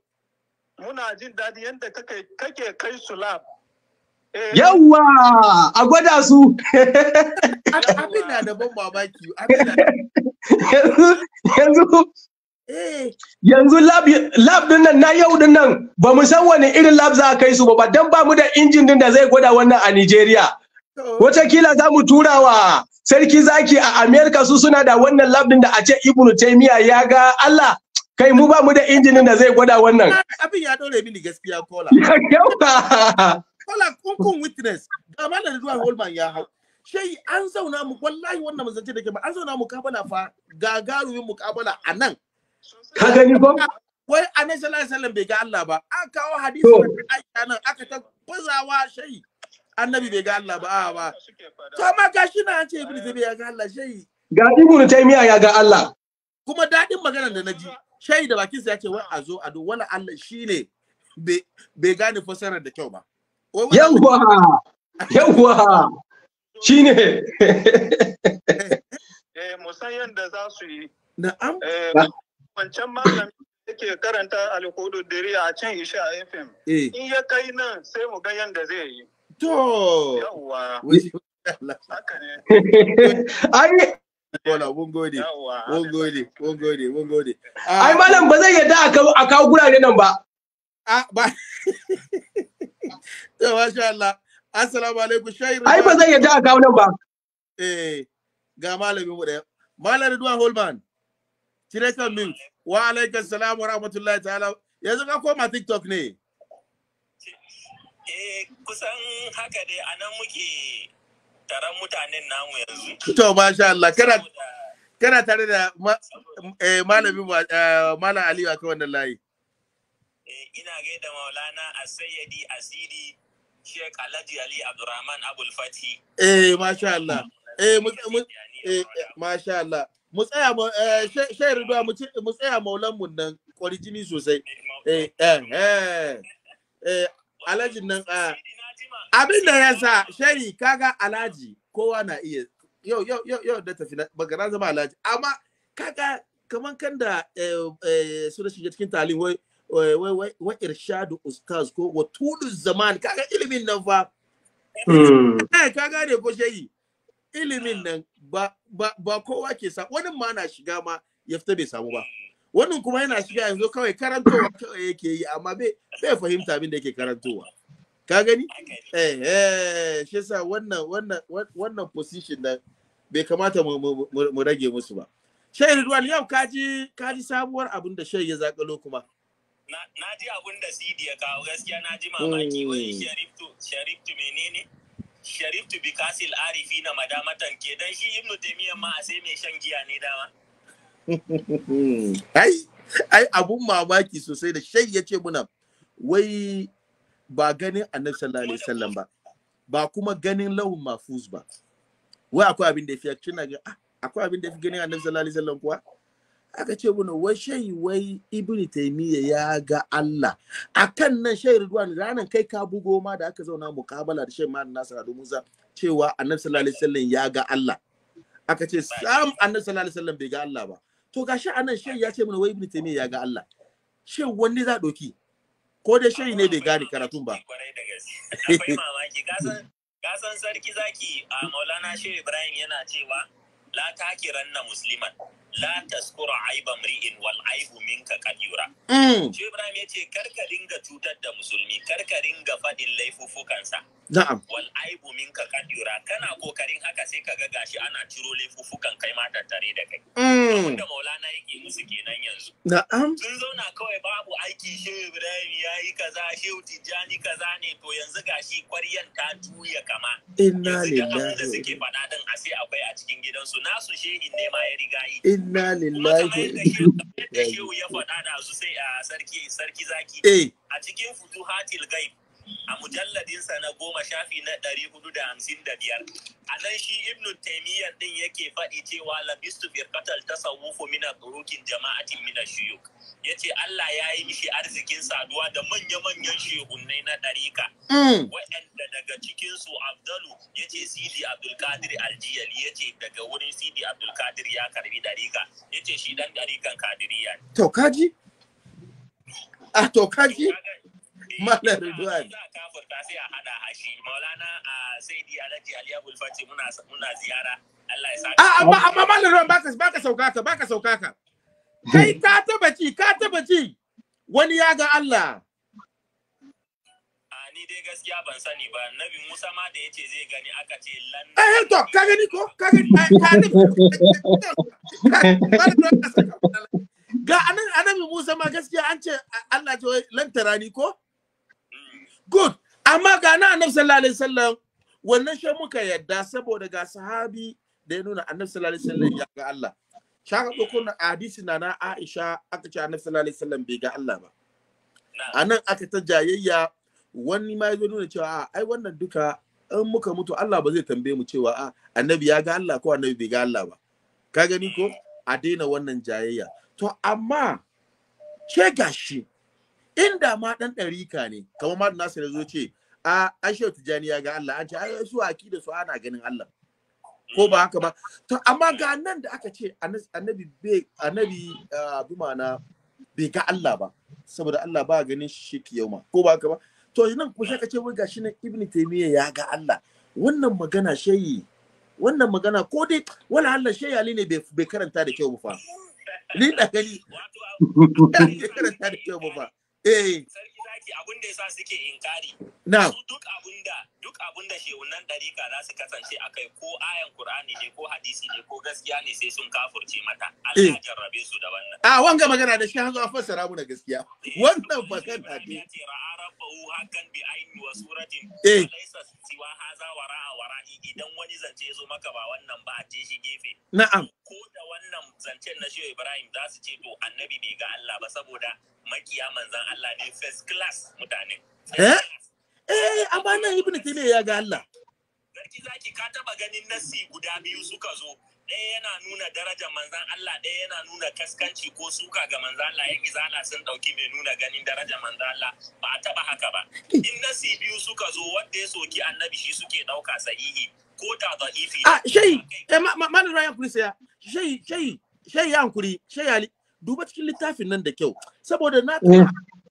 muna jin daɗi yadda kake kai su lab eh. yawa a gwada su abin na da ban mamaki yanzu Yanzu eh. lab din nan na yau din nan ba mu san wani irin lab za a kai su ba dan ba mu da injin din da zai gwada wannan a Nigeria. Wataƙila za mu tura wa sarki zaki a Amerika su suna da wannan labdin da a ce Ibnu Taymiya ya ga Allah kai mu ba mu da injinin da zai gwada wannan. Abin ya dore mini gaskiya kola. Ya kyauta. Kola kunkun witness ga da Ridwan Holman ya hau. Shai an zauna mu wallahi wannan mazance da ke ba an zauna mu kabala fa gagarumin mukabala a nan. Ka gani ko? Wai Annabi sallallahu alaihi wasallam bai ga Allah ba. A kawo hadisi da aka nan aka ta bazawa shai. annabi bai ga Allah ba a ba to amma gashi na an ce ibnu taymiya ya ga Allah shayi ga ibnu taymiya ya ga Allah kuma dadin maganar da naji shayi da bakin sa ya ce wai a zo a do wala Allah shine bai gane fasarar da kyau ba yawwa yawwa shine eh musayyan da za su yi na'am eh, wancan malami yake karanta alhudu dariya a can isha fm eh. in ya kai nan sai mu ga yanda zai yi To! Yawwa! Haka ne. Bola, Ai, ah. malam ba zai yadda a kawo gurare nan ba. Ah, ba. To, masha Allah. Assalamu alaikum, Shahiru. Ai, ba zai yadda a kawo nan ba. Eh, ga malamin mu ɗaya. Malam Ridwan Holman, cire kan mute. Wa alaikum salam wa rahmatullahi ta'ala. Yanzu ka koma TikTok ne. eh kusan haka dai a nan muke taron mutanen namu yanzu to masha Allah kana kana tare da eh, malami eh, malam wa akan wannan layi eh, ina gaida maulana asayyadi Asidi Sheikh Alhaji Ali Abdurrahman Abul Fati. Eh, masha Allah. Eh, masha Allah. Mu tsaya mu Sheikh Ridwa mu tsaya maulan mun nan kwari sosai. Eh, eh, eh. alhaji nan ah, abin da ya sa shari kaga alhaji kowa na iya yau yau yau yau da tafi baka na zama alhaji amma kaga kaman kan da eh, eh, su da shiga cikin talin wai wai wai wai irshadu ustaz ko wa tudu zaman kaga ilimin nan fa hmm. eh kaga ne ko shari ilimin nan ba ba kowa ke sa wani ma na shiga ma ya fita bai samu ba wannan kuma yana shiga yanzu kawai karantowa kawai yake yi amma bai fahimta abin da yake karantowa ka gani eh eh shi yasa wannan wannan wannan position da bai kamata mu rage musu ba Shay Ridwan yau kaji kaji sabuwar abin da shai ya zakalo kuma na ji abin da Sidi ya kawo gaskiya na ji mamaki wai mm. Shariftu Shariftu menene Shariftu bi Kasil Arifi na madamatan ke dan shi Ibn Taymiyyah ma a sai mai shan giya ne dama ai ai abun mamaki sosai da shai ya ce muna wai ba ganin annabi sallallahu alaihi wasallam ba ba kuma ganin lahun mafuz ba wai akwai abin da ya fi kina ga ah, akwai abin da ya fi ganin annabi sallallahu alaihi wasallam kuwa aka ce muna wai shai wai ibn taymiya ya ga Allah akan nan shai ridwan ranan kai ka bugo ma da aka zauna mukabala da shai malam nasara adu musa cewa annabi sallallahu alaihi wasallam ya ga Allah aka ce sam annabi sallallahu alaihi wasallam bai ga Allah ba to gashi anan shehi ya ce mana wai ibn taymiya ya ga Allah shin wanne za doki ko dai shehi ne bai gane karatun ba gasan sarki zaki a maulana shehu ibrahim yana cewa la ranna musliman la taskura aiba mri'in wal aibu minka kad yura mm. shi ibrahim yace karka dinga cutar da musulmi karka dinga fadin laifufukansa na'am wal aibu minka kad yura kana kokarin haka sai kaga gashi ana ciro laifufukan kai ma tattare da kai mm. da maulana yake musu kenan yanzu na'am sun zauna kawai babu aiki shi ibrahim yayi kaza shi tijani kaza ne to yanzu gashi kwaryan ta tuya kama inna lillahi da suke fada din a sai akwai a cikin gidansu nasu shehin ne ma ya riga yi inna lillahi da ya faɗa da su sai a ah, sarki sarki zaki eh. a cikin futuhatil gaib a mujalladinsa na goma shafi na ɗari hudu da hamsin da biyar a nan shi ibnu taimiyyar ɗin yake faɗi cewa labistu firkatal tasawufu mina turukin jama'atin mina shuyuk ya ce Allah ya yi mishi arzikin saduwa da manya-manyan shehunai na ɗarika mm. waɗanda daga cikinsu abdalu ya ce sidi abdulkadir Aljiyar ya ce daga wurin sidi abdulkadir ya karbi ɗarika ya ce shi ɗan ɗarikan Kadiriyar. to kaji a ah, to kaji Malam Za a kafurta sai a hashi. Maulana a Saidi sauka Kai ka taba ci ka taba ga Allah. ni dai gaskiya to ka gani ko ka ka gani ga anan musa ma gaskiya an ce Allah ce lan tarani ko good amma ga na annabi sallallahu alaihi wasallam wannan shi muka yadda saboda ga sahabi da ya nuna annabi sallallahu alaihi wasallam ya ga Allah shaka ɗauko na hadisi na na Aisha aka ce annabi sallallahu alaihi wasallam bai ga Allah ba anan aka ta jayayya wani ma ya nuna cewa ai wannan duka in muka mutu Allah ba zai tambaye mu cewa a annabi ya ga Allah ko annabi bai ga Allah ba ka gani ko a daina wannan jayayya to amma ce gashi inda ma dan ɗarika ne kamar ma nasir ya zo ce a ashe tijani ya ga Allah an ce ai su aki da su ana ganin Allah ko ba haka ba to amma ga nan da aka ce annabi bai annabi bi na bai ga Allah ba saboda Allah ba ganin shi ma. ko ba haka ba to nan kuma sai ka ce wai gashi nan ibn taymiya ya ga Allah wannan magana shayi wannan magana ko dai wala Allah shayi ali ne bai karanta da kyau ba fa ni da gani karanta da kyau ba fa Eh. sarki zaki abinda da sa suke inkari na duk abinda duk abin da shehunan ɗarika za su kasance a kai ko ayan Kur'ani ne ko hadisi ne ko gaskiya ne sai sun kafurce mata. Allah eh. ya jarrabe su da wannan. A ah, wanga magana da shi hanzu a fassara mu da gaskiya. Eh, wannan magana ne. Ya ce ra'a rabbahu hakan bi aini wa suratin. Eh. Laisa siwa haza wa ra'a wa ra'i idan wani zance ya zo maka ba wannan ba a je shi gefe. Na'am. Ko da wannan zancen na Shehu Ibrahim za su ce to annabi bai ga Allah ba saboda makiya manzan Allah ne first class mutane. Eh? eh amma nan ibn taymiya ya ga Allah sarki zaki ka taba ganin nasi guda biyu suka zo ɗaya yana nuna darajar manzan Allah ɗaya yana nuna kaskanci ko suka ga manzan Allah yan izala sun ɗauki mai nuna ganin darajar manzan Allah ba a taba haka ba in nasi biyu suka zo wanda ya soki annabi shi suke ɗauka sahihi ko da a ah, shayi eh malam Ryan kuri saya shayi shayi shayi ya kuri, shayi ali duba cikin littafin nan da kyau saboda na mm.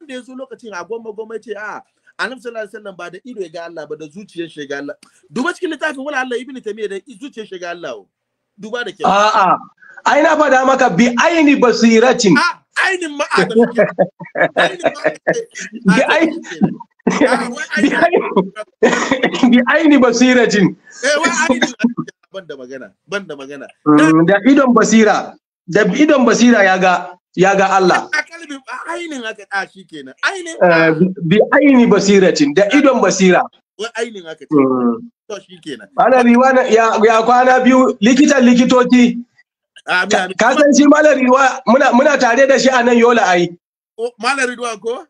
da ya zo lokacin a gwamma gwamma ce a ah, annabi sallallahu alaihi wasallam ba da ido ga Allah ba da zuciyar shi ga Allah duba cikin littafin wala Allah ibnu tamiya da zuciyar shi ga Allah duba da kyau a'a ai na fada maka bi aini basiratin ah, ainin ma'a ah, bi aini basiratin eh, ban da magana ban da magana mm, da idon basira da idon basira ya ga ya ga Allah ainin aka a shi kenan eh, bi aini basiratin da idon basira wa ainin aka hmm. to shi kenan ana riwana ya kwana biyu likitan likitoci ka san shi malar riwa muna muna tare da shi a nan yola ai malar riwa ko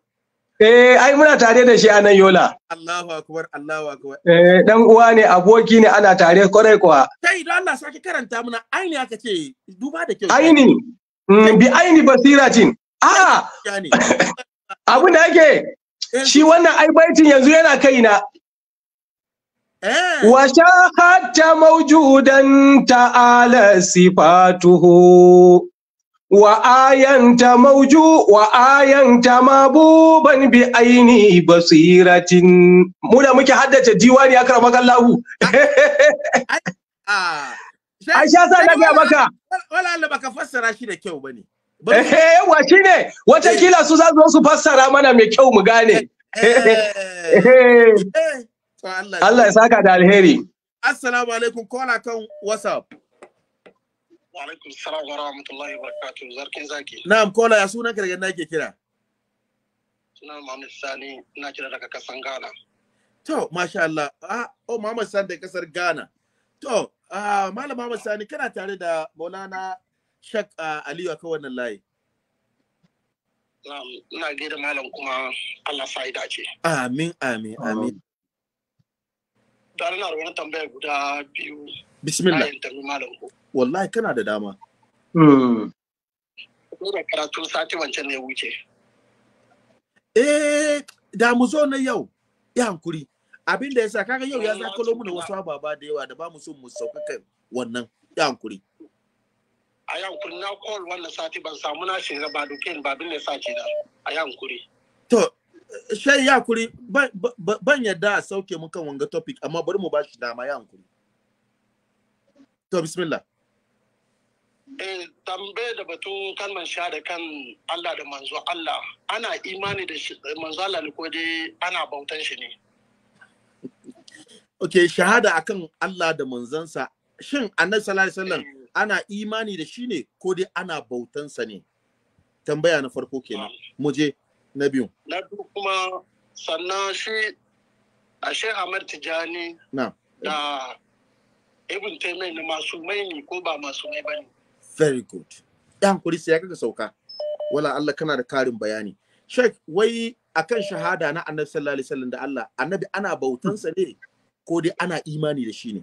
Eh, ai muna tare da shi a nan Yola. Allahu akbar, Allahu akbar. Eh, dan uwa ne, aboki ne ana tare kwarai kuwa. Kai don Allah sake karanta muna aini aka ce duba da kyau. Aini. Mm. bi aini basiratin ah! a abin da yake eh. shi wannan ai yanzu yana kaina eh. wa shahadta maujudan ta'ala sifatuhu wa ayanta mauju wa ayanta mabuban bi aini basiratin mu da muke haddace diwani ya kallahu Ai sha sa na maka. Wala Allah baka fassara shi da kyau bane. Eh, eh yawa shine wata kila su za su fassara mana mai kyau mu gane. Eh, eh, Allah ya saka da alheri. Assalamu alaikum kola kan WhatsApp. Wa alaikum salam wa rahmatullahi wa barakatuh zarkin zaki. Na'am kola ya sunan kirgin da ke kira. Sunan Muhammad Sani na kira daga kasan Ghana. To masha Allah. Ah, oh Muhammad Sani daga kasar Ghana. To Uh, Malam Muhammad Sani kana tare da Maulana Sheikh uh, Aliyu akan wannan layi. Ina gida malam kuma Allah fa'ida ce. Amin, amin, amin. Da na da wani tambaya guda biyu. Bismillah. Ayin tambayi malam ku. Wallahi kana da dama. Hmm. da karatu sati wancan ne wuce. Eh, da mu zo na yau. Ya hankuri. abin da ya sa kaga yau ya zakalo da wasu ababa da yawa da ba mu so mu saukaka wannan ya hankuri a ya na call wannan sati ban samu na shiga ba duken ba abin da sa ce da a ya to shai ya kuri, ban yadda a sauke mu kan wanga topic amma bari mu ba shi dama ya hankuri to bismillah Eh, tambe da batu kalman da kan Allah da manzo Allah ana imani da manzo Allah ne ko dai ana bautan shi ne okay shahada akan Allah da manzansa shin annabi sallallahu alaihi wasallam ana imani da shi ne ko dai ana bautansa ne tambaya na farko kenan mu je na biyu na biyu kuma sannan shi ashe Ahmad Tijani na da Ibn Taymiyyah na masumai ne ko ba masumai bane very good dan kuri sai kaga sauka wala Allah kana da karin bayani Sheikh wai akan shahada na Annabi sallallahu alaihi wasallam da Allah Annabi ana bautansa ne ko dai ana imani da shi ne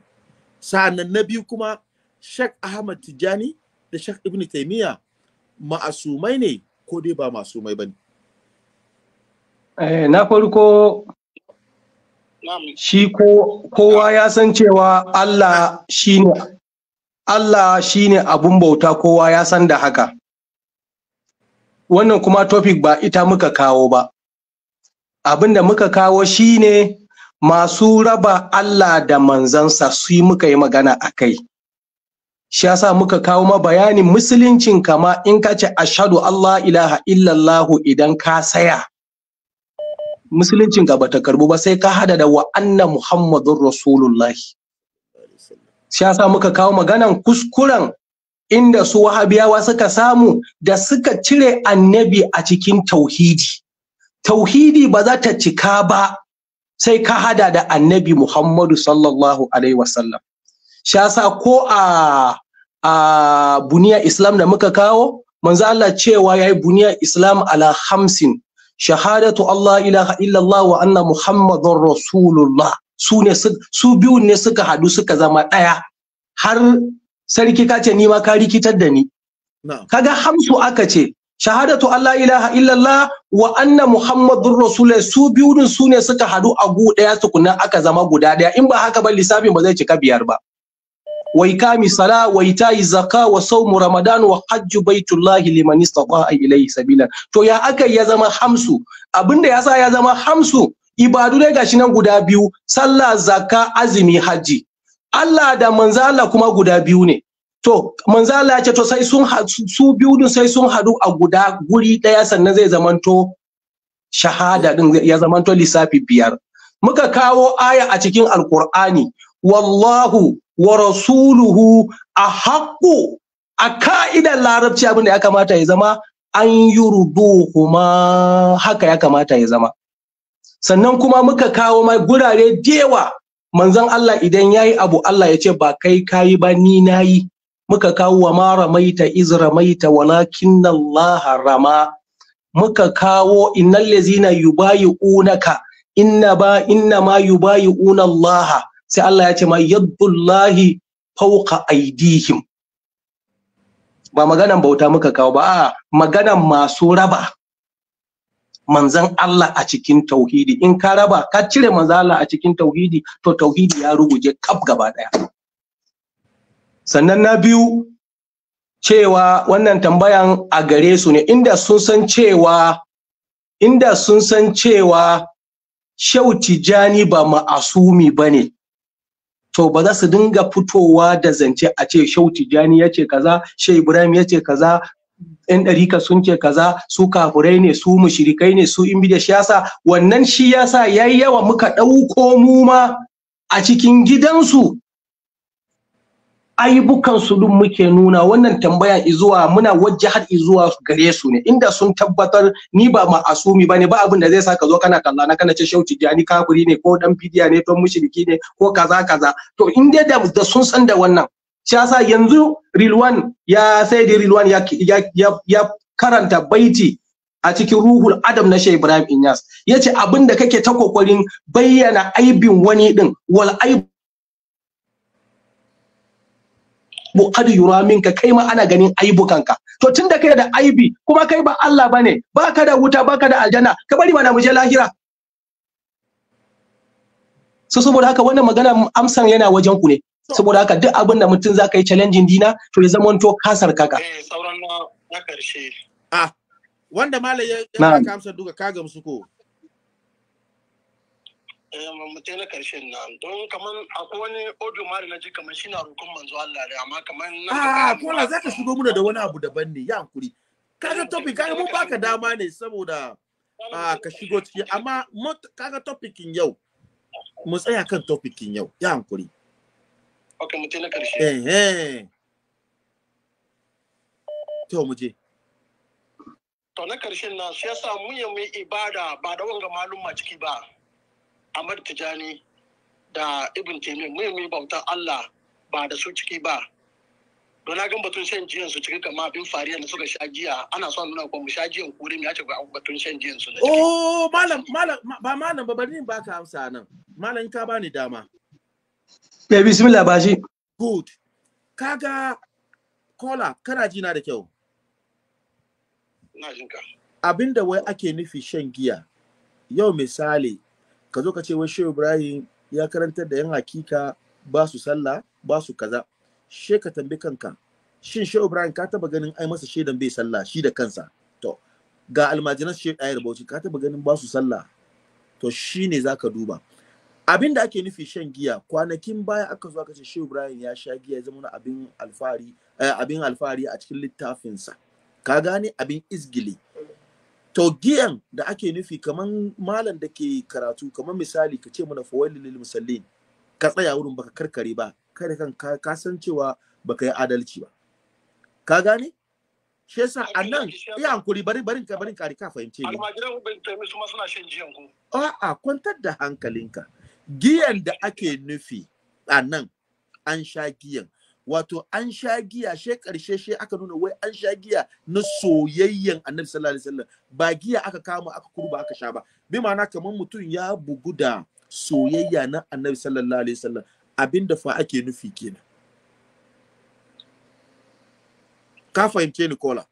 sa'annan na biyu kuma Sheikh Ahmad Tijani da Sheikh Ibn taimiyya ma'asumai ne ko dai ba ma'asumai ba ne. Eh, na farko shi ko kowa ya san cewa Allah shine Allah abun bauta kowa ya san da haka wannan kuma topic ba ita muka kawo ba abinda muka kawo shi ne. masu raba Allah da manzansa su yi muka yi magana a kai shi yasa muka kawo ma bayanin musuluncin kama in ka ce ashadu Allah ilaha illallahu idan ka saya musuluncin ba ta karbu ba sai ka hada da wa'anna muhammadun rasulullah shi yasa muka kawo maganan kuskuren inda su wahabiyawa suka samu da suka cire annabi a cikin tauhidi tauhidi ba za ta cika ba sai ka hada da annabi Muhammadu sallallahu alaihi wasallam shi yasa ko a a buniya islam da muka kawo manzo Allah cewa yayi buniya islam ala hamsin shahadatu Allah ilaha illallah wa anna muhammadun rasulullah su ne su biyu ne suka hadu suka zama daya har sarki kace ni ma ka rikitar da ni kaga hamsu aka ce shahadatu Allah ilaha illallah wa anna muhammadur rasulullah su biyun su ne suka hadu a gu daya tukuna aka zama guda daya in ba haka ba lissafin ba zai cika biyar ba wa ikami sala wa itai zaka wa sawm ramadan wa hajju baitullahi liman istata'a ilayhi sabila to ya aka ya zama hamsu abinda ya sa ya zama hamsu ibadu ne gashi nan guda biyu sallah zakka azumi hajji Allah da manzo Allah kuma guda biyu ne to manzo Allah ya ce to sai sun su biyu sai sun hadu a guda guri daya sannan zai zamanto shahada din ya zamanto lissafi biyar muka kawo aya a cikin alqur'ani wallahu wa rasuluhu a haƙƙu, a ka'idar larabci abin da ya kamata ya zama an yi kuma haka ya kamata ya zama sannan kuma muka kawo mai gurare dewa manzon Allah idan ya yi abu Allah ya ce ba kai yi ba ni na yi muka kawo wa ma ramaita iz ramaita walakin Allah rama muka kawo innal ladzina yubayi'unaka inna ba inna ma yubayi'una Allah sai Allah ya ce ma yadullahi fawqa aidihim ba maganan bauta muka kawo ba a maganan masu raba manzan Allah a cikin tauhidi in ka raba ka cire manzan Allah a cikin tauhidi to tauhidi ya ruguje kaf gaba daya sannan na biyu cewa wannan tambayan a gare su ne inda sun san cewa inda sun san cewa shau tijani ba ma'asumi ba ne to ba za su dinga fitowa da zance a ce shau tijani ya ce kaza shai ibrahim ya ce kaza yan ɗarika sun ce kaza su kafurai ne su mushirikai ne su imbida shi yasa wannan shi yasa yi yawa muka ɗauko mu ma a cikin gidansu ayyukan su duk muke nuna wannan tambaya izuwa muna har izuwa gare su ne inda sun tabbatar ni ba ma bane ba abin da zai saka zo kana kalla na kana ce shauci jani kafiri ne ko dan bidiya ne ko mushriki ne ko kaza kaza to in da da sun san da wannan shi yasa yanzu Rilwan ya sai da Rilwan ya ya ya karanta baiti a cikin ruhul adam na shay Ibrahim Inyas yace abin da kake ta kokarin bayyana aibin wani din wal aib wa qad yura minka kai ma ana ganin aibukanka to tunda kai da aibi kuma kai ba Allah bane baka da wuta baka da aljanna ka bari mana muje je lahira so saboda haka wannan magana amsan yana wajen ku ne saboda haka duk abin da mutum zaka yi challenging dina to ya zama to kasar kaka eh sauran na karshe ah wanda malai ya ya ka amsa duka ka gamsu ko Ehm, mutum na karshen na don kaman akwai wani audio mari na ji kaman shi na roƙon manzo Allah da amma kaman na a ah, ah, kola zaka shigo muna da wani abu daban ne ya hankuri kaga topic kaga mun baka dama ne saboda a ah, ka shigo ciki amma kaga topicin yau mu tsaya kan topicin yau ya hankuri okay mutum na karshe eh eh to mu je to na karshen nan shi yasa mun yi ibada ba da wanga malumma ciki ba Ahmad Tijani da Ibn Taymiyyah muhimmin bautar Allah ba da su ciki ba don na gan batun shan jiyan su ciki kamar abin fariya da suka sha jiya ana son nuna ko mu sha jiyan kure ya ce batun shan jiyan su oh malam malam ba malam ba bari ba ka amsa nan malam ka bani dama ke eh, bismillah shi. good kaga kola kana jina da kyau na jinka abinda wai ake nufi shan giya yau misali ka zo ka ce wai shehu ibrahim ya karantar da yan hakika ba su sallah ba su kaza she ka tambi kanka shin shehu ibrahim ka taba ganin ai masa shaidan bai sallah shi da kansa to ga almajiran shehu ayar bauchi ka taba ganin ba su sallah to shine zaka duba abin da ake nufi shan giya kwanakin baya aka zo aka ce shehu ibrahim ya sha giya ya zama abin alfahari eh, abin alfahari a cikin littafinsa ka gane abin izgili to giyan da ake nufi kaman malam da ke karatu kaman misali ka ce mana fawailul lil musallin ka tsaya wurin baka karkare ba kada kan ka san cewa baka yi adalci ba ka gane shi yasa a nan ya hankuri bari barin ka barin kari ka fahimce ni almajiran bin taimi su suna shan giyan ku. a'a kwantar da hankalinka giyan da ake nufi a nan an sha giyan wato an sha giya she karshe she aka nuna wai an sha giya na soyayyen annabi sallallahu alaihi wasallam ba giya aka kama aka kurba aka sha ba bi ma'ana kamar mutum ya bugu da soyayya na annabi sallallahu alaihi wasallam abinda fa ake nufi kenan ka fahimce ni kola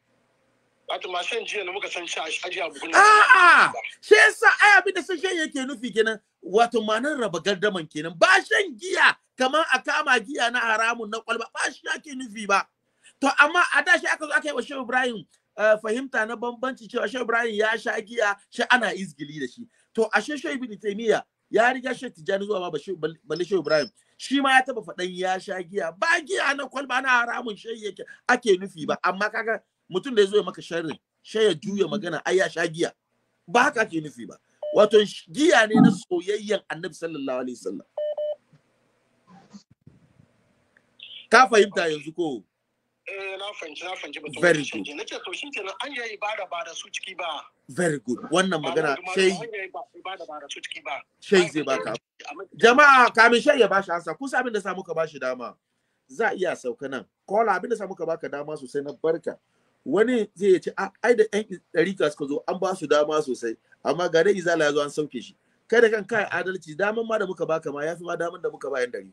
wato san jiya da muka san shi a ajiya na. a'a shi yasa ai abinda sun yake nufi kenan wato manan raba gardaman kenan ba shan giya kamar a kama giya na haramun na kwalba ba shi ake nufi ba to amma a da shi aka zo aka yi wa shehu ibrahim eh, fahimta na bambanci cewa shehu ibrahim ya sha giya shi ana izgili da shi to a shehu ibn taymiya ya riga shi tijani zuwa ba balle shehu ibrahim shi ma ya taba faɗan ya sha giya ba giya na kwalba na haramun shi yake ake nufi ba amma kaga mutum da ya zo ya maka sharri shi ya juya magana ai ya sha giya ba haka ake nufi ba wato giya ne na soyayyen annabi sallallahu alaihi wasallam ka fahimta yanzu ko eh, na fahimci very good nace to shi kenan an yayi ibada ba da su ciki ba very good wannan magana shei ibada ba ba shei zai baka jama'a kamin shei ya bashi ansa kusa abin da sa muka bashi dama za a iya sauka nan kola abin da sa muka baka dama sosai na barka wani zai ce ah, ai da yan ɗari suka zo an ba su dama sosai amma ga dai izala yazo an sauke shi kai da kan kai adalci daman ma da muka baka ma yafi ma daman da muka bayan dari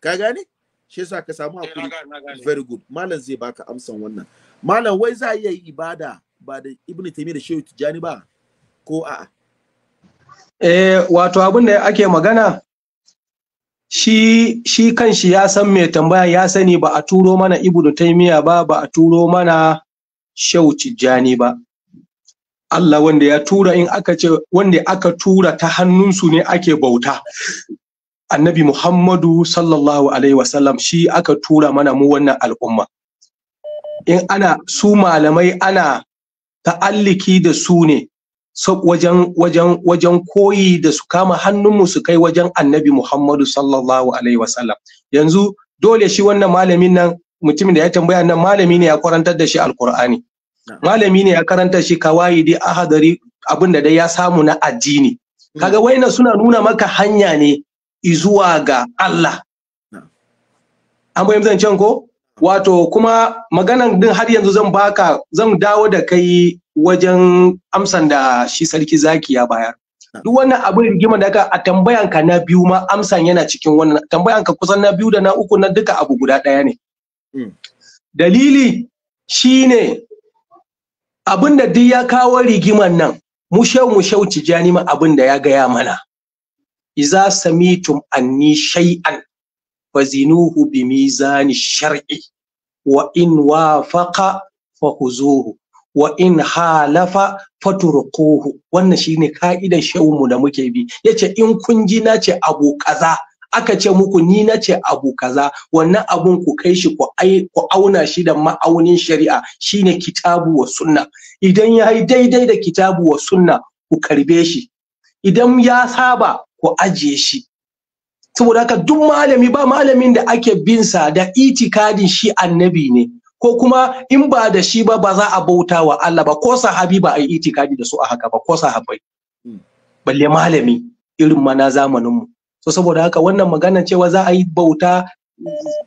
ka gane shi yasa ka samu eh, hakuri very good malam zai baka amsan wannan malam wai za iya yi ibada ba da ibnu taymiya da shehu tijani ba ko a'a eh wato abin da ake magana shi shi kanshi ya san mai tambaya ya sani ba a turo mana ibnu taymiya ba ba a turo mana shehu tijani ba Allah wanda ya tura in aka ce wanda aka tura ta hannunsu ne ake bauta annabi Muhammadu sallallahu alaihi wasallam shi aka tura mana mu wannan al'umma in ana su malamai ana ta'alliki da su ne so, wajen wajen wajen koyi da su kama hannunmu su kai wajen annabi Muhammadu sallallahu alaihi wasallam yanzu dole shi wannan malamin nan mutumin da ya tambaya nan malami ne ya karantar da shi alkur'ani malami ne ya karanta shi kawai dai ahadari abin da dai ya samu na addini kaga hmm. waina suna nuna maka hanya ne izuwa ga Allah an bayyana can ko wato kuma maganan din har yanzu zan baka zan dawo da kai wajen amsan da shi sarki zaki ya bayar duk wannan abin rigima ka a tambayan ka na biyu ma amsan yana cikin wannan tambayan ka kusan na biyu da na uku na duka abu guda ɗaya ne hmm. dalili shine abin da duk ya kawo rigiman nan mu mushau tijani ma abin da ya gaya mana iza samitum anni shay'an fazinuhu bi mizani shar'i wa in wafaqa fahuzuhu wa in halafa faturquhu wannan shine ka'idan mu da muke bi yace in kun ji na abu kaza aka ce muku ni na ce abu kaza wannan abun ku kai shi ku auna shi da ma'aunin shari'a shine kitabu wa sunna idan ya yi daidai da kitabu wa sunna ku karbe shi idan ya saba ku ajiye shi saboda haka duk malami ba malamin da ake bin sa da itikadin shi annabi ne ko kuma in ba da shi ba ba za a bauta wa Allah ba ko sahabi ba a yi itikadi da su a haka ba ko sahabbai hmm. balle malami irin mana zamanin mu so saboda haka wannan magana cewa za a yi bauta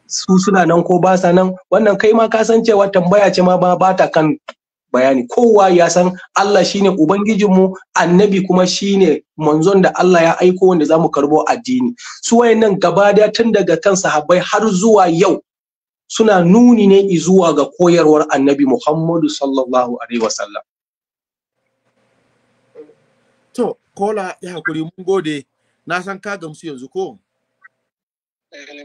su suna nan ko ba sa nan wannan kai ma ka san cewa tambaya ce ma ba ba ta kan bayani kowa ya san Allah shine ubangijinmu annabi kuma shine manzon da Allah ya aiko wanda zamu karbo addini su wayannan gaba daya tun daga kan sahabbai har zuwa yau suna nuni ne zuwa ga koyarwar annabi Muhammadu sallallahu alaihi wasallam to kola ya hakuri mun gode na san ka gamsu yanzu ko eh,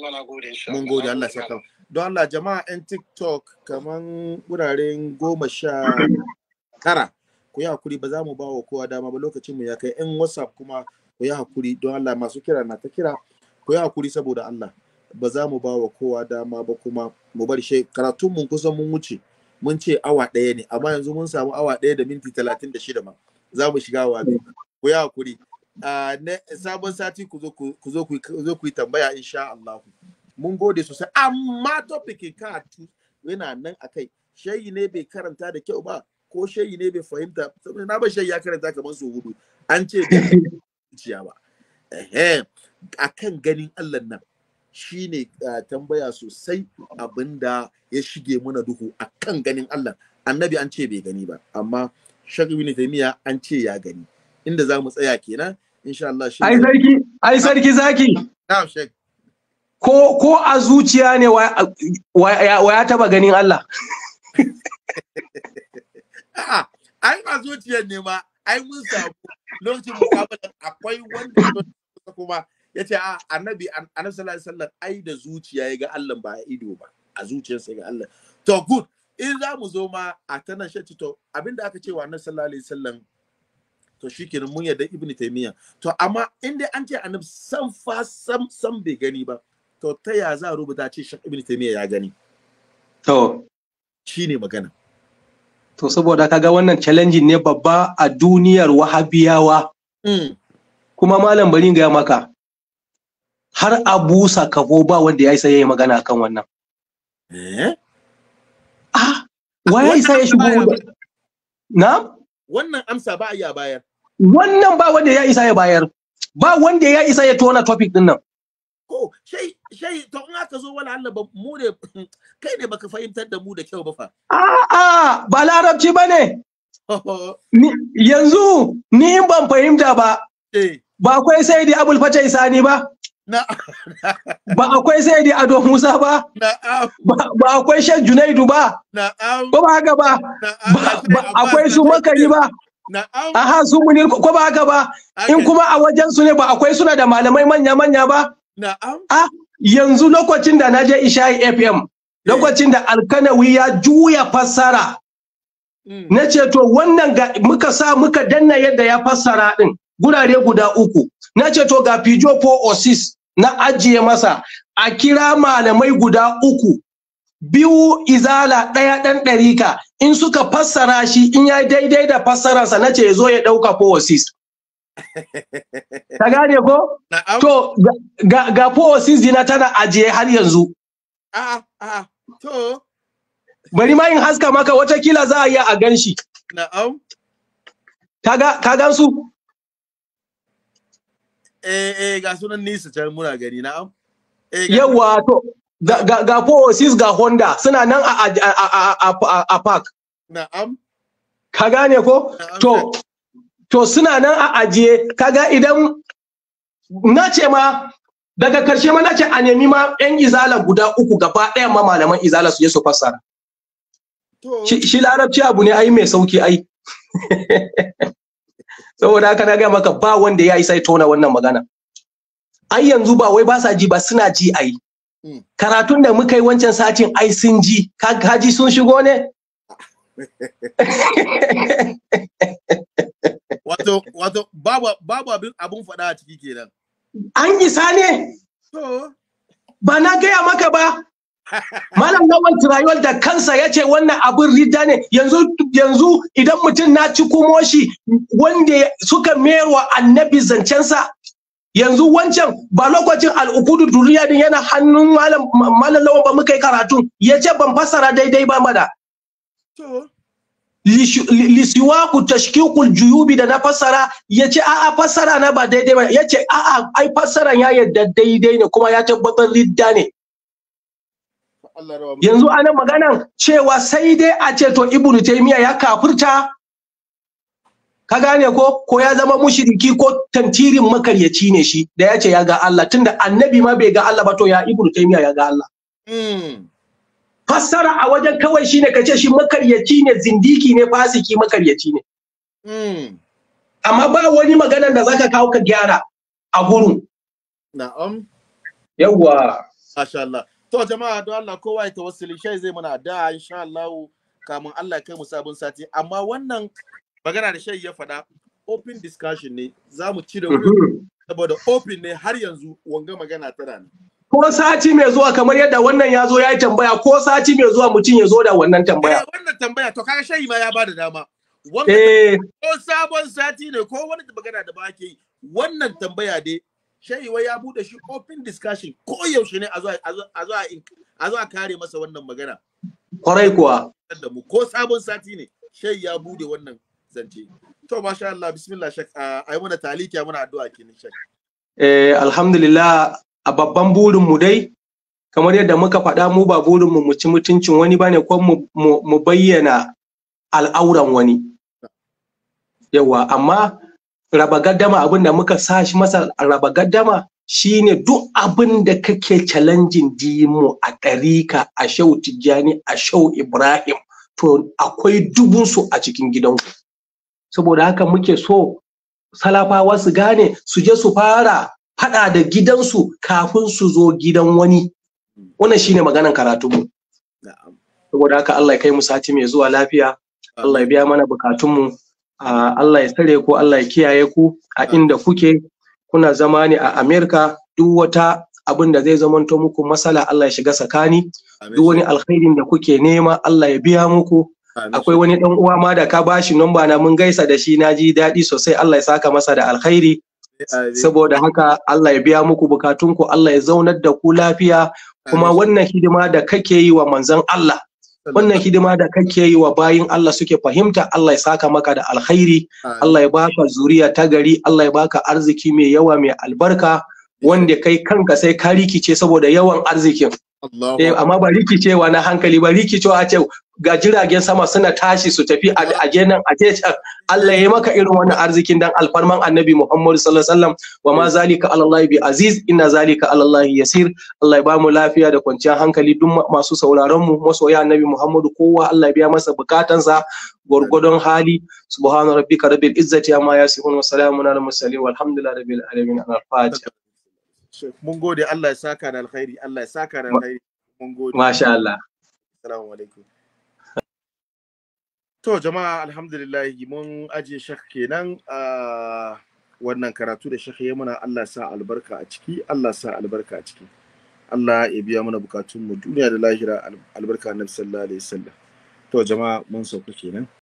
mun gode Allah saka don Allah jama'a yan tiktok kaman wuraren goma sha tara ku yi hakuri ba za mu ba wa kowa dama ba lokacin mu ya kai yan whatsapp kuma ku yi hakuri don Allah masu kira na ta kira ku yi hakuri saboda Allah ba za mu ba wa kowa dama ba kuma mu bar shi karatun mun kusan mun wuce mun ce awa ɗaya ne amma yanzu mun samu awa ɗaya da minti talatin da shida ma za mu shiga wa ku yi hakuri Ah, sabon sati ku zo ku yi tambaya insha Allah mun gode sosai amma topic ka yana nan akai shayi ne bai karanta da kyau ba ko shayi ne bai fahimta saboda na ba shayi ya karanta kamar su hudu an ce bai ba a akan ganin Allah nan shine ah, tambaya sosai abinda ya shige muna duhu akan ganin Allah annabi an ce bai gani ba amma shagwi ne an ce ya gani inda za mu tsaya kenan insha Allah shi ai sarki ai sarki zaki na'am shek ko ko a zuciya ne wa ya taba ganin Allah A ai a zuciyar ne ma ai mun samu lokacin mukabala akwai wanda kuma ya ce a annabi annabi sallallahu alaihi wasallam ai da zuciya ya ga Allah ba a ido ba a zuciyarsa ga Allah to good in za mu zo ma a tana shatti to abinda aka ce wa annabi sallallahu alaihi wasallam to shikenan mun yarda ibnu taymiya to amma inda an ce annabi san fa sam sam bai gani ba to ta ya za rubuta ce shi ibnu taymiya ya gani to shine magana to saboda kaga wannan challenging ne babba a duniyar wahabiyawa hmm. kuma malam bari ga maka har abu sakafo ba wanda ya isa yayi magana akan wannan eh ah waye isa ya shigo na wannan amsa ba a bayar wannan ba wanda ya isa ya bayar ba wanda ya isa ya tona topic din nan ko shai shai to in aka zo wala Allah ba mu ne kai ne baka fahimtar da mu da kyau ba fa a'a ba larabci bane yanzu ni in ban fahimta ba eh. ba akwai sai da abul fata isani ah. ba ba akwai sai da ado musa ba ba akwai shan junaidu ba ah. ko ba haka ba ah. akwai su makari ba Aha su munir ko ba haka ba in kuma a wajensu ne ba akwai suna da malamai manya manya ba. Na'am. yanzu lokacin da na je Isha'i FM eh. lokacin da Alkanawi ya juya fassara. Mm. Na ce to wannan ga muka sa muka danna yadda ya fassara din gurare guda uku. Na ce to ga Fijo 406 na ajiye masa a kira malamai guda uku biyu izala ɗaya ɗan ɗarika in suka fassara shi in ya daidai da fassararsa na ce zo ya ɗauka wasis. ta gane ko? to ga, ga wasis dina tana ajiye har yanzu a'a a'a to bari ma yin haska maka watakila za a iya a gan shi na'am ka gan su eh eh ga sunan nisa can muna gani na'am eh, Yawwa, to ga ko ga honda suna nan a park na'am ka gane ko to to suna nan a ajiye kaga idan na ce ma daga karshe ma na ce a nemi ma yan izala guda uku gaba ɗaya ma malaman izala su je su fassara shi larabci abu ne ai mai sauki ai saboda haka na gaya maka ba wanda ya yi sai tona wannan magana ai yanzu ba wai ba sa ji ba suna ji ai karatun da muka yi wancan satin ai sun ji sun shigo ne wato wato babu abin faɗa a ciki kenan an isa ne to ba na gaya maka ba malam lawan tirayol da kansa ya ce wannan abin ridda ne yanzu yanzu idan mutum na ci kumoshi wanda suka mewa annabi zancensa yanzu wancan ba lokacin al'ukudu duniya din yana hannun malam lawan ba muka yi karatu ya ce ban fassara daidai ba mada ku tashkikul juyubi da na fassara ya ce a'a fassara na ba daidai ba ya ce a'a ai fassaran ya yadda daidai ne kuma ya tabbatar ridda ne yanzu ana maganan cewa sai dai a ce to ibnu taymiya ya kafurta? ka gane ko ko ya zama mushriki ko tantirin makaryaci ne shi da ya ce ya ga Allah tunda annabi ma bai ga Allah ba to ya ibnu taymiya ya ga Allah hmm. fassara a wajen kawai shine ka ce shi makaryaci ne zindiki ne fasiki makaryaci ne hmm. amma ba wani magana da zaka kawo ka gyara a gurin na'am yawwa masha Allah to jama'a don Allah kowa ya tawassuli shai zai muna da insha Allah kamun Allah kai mu sabon sati amma wannan magana da shayi ya faɗa open discussion ne za mu cire wurin mhm. saboda open ne har yanzu wanga magana tana ne ko sati mai zuwa kamar yadda wannan ya zo ya yi tambaya ko sati mai zuwa mutum ya zo da wannan tambaya eh, wannan tambaya to kaga shayi ma ya bada dama wannan eh. ko sabon sati ne ko wani magana da ba ke yi wannan tambaya dai shayi wai ya bude shi open discussion ko yaushe ne a zo a zo a kare masa wannan magana kwarai kuwa ko sabon sati ne shayi ya bude wannan zance to masha Allah bismillah shek ah, ai muna talikiya muna addu'a kenan shek eh alhamdulillah a babban burin mu dai kamar yadda muka faɗa mu ba burin mu ci mutuncin wani bane ko mu bayyana al'auran wani yawa amma raba gaddama abin da muka sa shi masa raba gaddama shine duk abin da kake challenging dimu a ɗarika a shau tijjani a shau ibrahim to akwai dubunsu a cikin gidanku saboda haka muke so salafawa su gane su je su fara faɗa da gidansu kafin su zo gidan wani wannan shine maganan karatunmu saboda haka Allah ya kai mu sati mai zuwa lafiya Allah ya biya mana bukatunmu Allah ya tsare ku Allah ya kiyaye ku a inda kuke kuna zama ne a Amerika duk wata abin da zai zamanto muku masala Allah ya shiga tsakani duk wani alkhairin da kuke nema Allah ya biya muku akwai wani dan uwa ma da ka bashi nomba na mun gaisa da shi naji daɗi sosai Allah ya saka masa da alkhairi saboda haka Allah ya biya muku bukatun ku. Allah ya zaunar da ku lafiya kuma wannan hidima da kake yi wa manzon Allah wannan hidima da kake yi wa bayin Allah suke fahimta Allah ya saka maka da alkhairi Allah ya baka zuriya ta gari Allah ya baka arziki mai yawa mai albarka wanda kai kanka sai ka rikice saboda yawan arzikin Eh, amma ba wa na hankali ba rikicewa a ce ga jiragen sama suna tashi su tafi a genan a can Allah ya maka irin wannan arzikin dan alfarman annabi Muhammad sallallahu alaihi wasallam wa ma zalika alallahi bi aziz inna zalika alallahi yasir Allah ya bamu lafiya da kwanciyar hankali duk masu sauraron mu masoya annabi Muhammad kowa Allah ya biya masa bukatansa gurgudun hali subhana rabbika rabbil izzati amma yasifun wa salamun alal mursalin walhamdulillahi rabbil alamin al-fatiha mun gode Allah ya saka da alkhairi Allah ya saka da alkhairi mun gode masha Allah assalamu alaikum to jama'a alhamdulillah mun aje shekh kenan a wannan karatu da shekh ya muna Allah sa albarka a ciki Allah sa albarka a ciki Allah ya biya mana bukatun mu duniya da lahira albarka annabi sallallahu alaihi wasallam to jama'a mun sauka kenan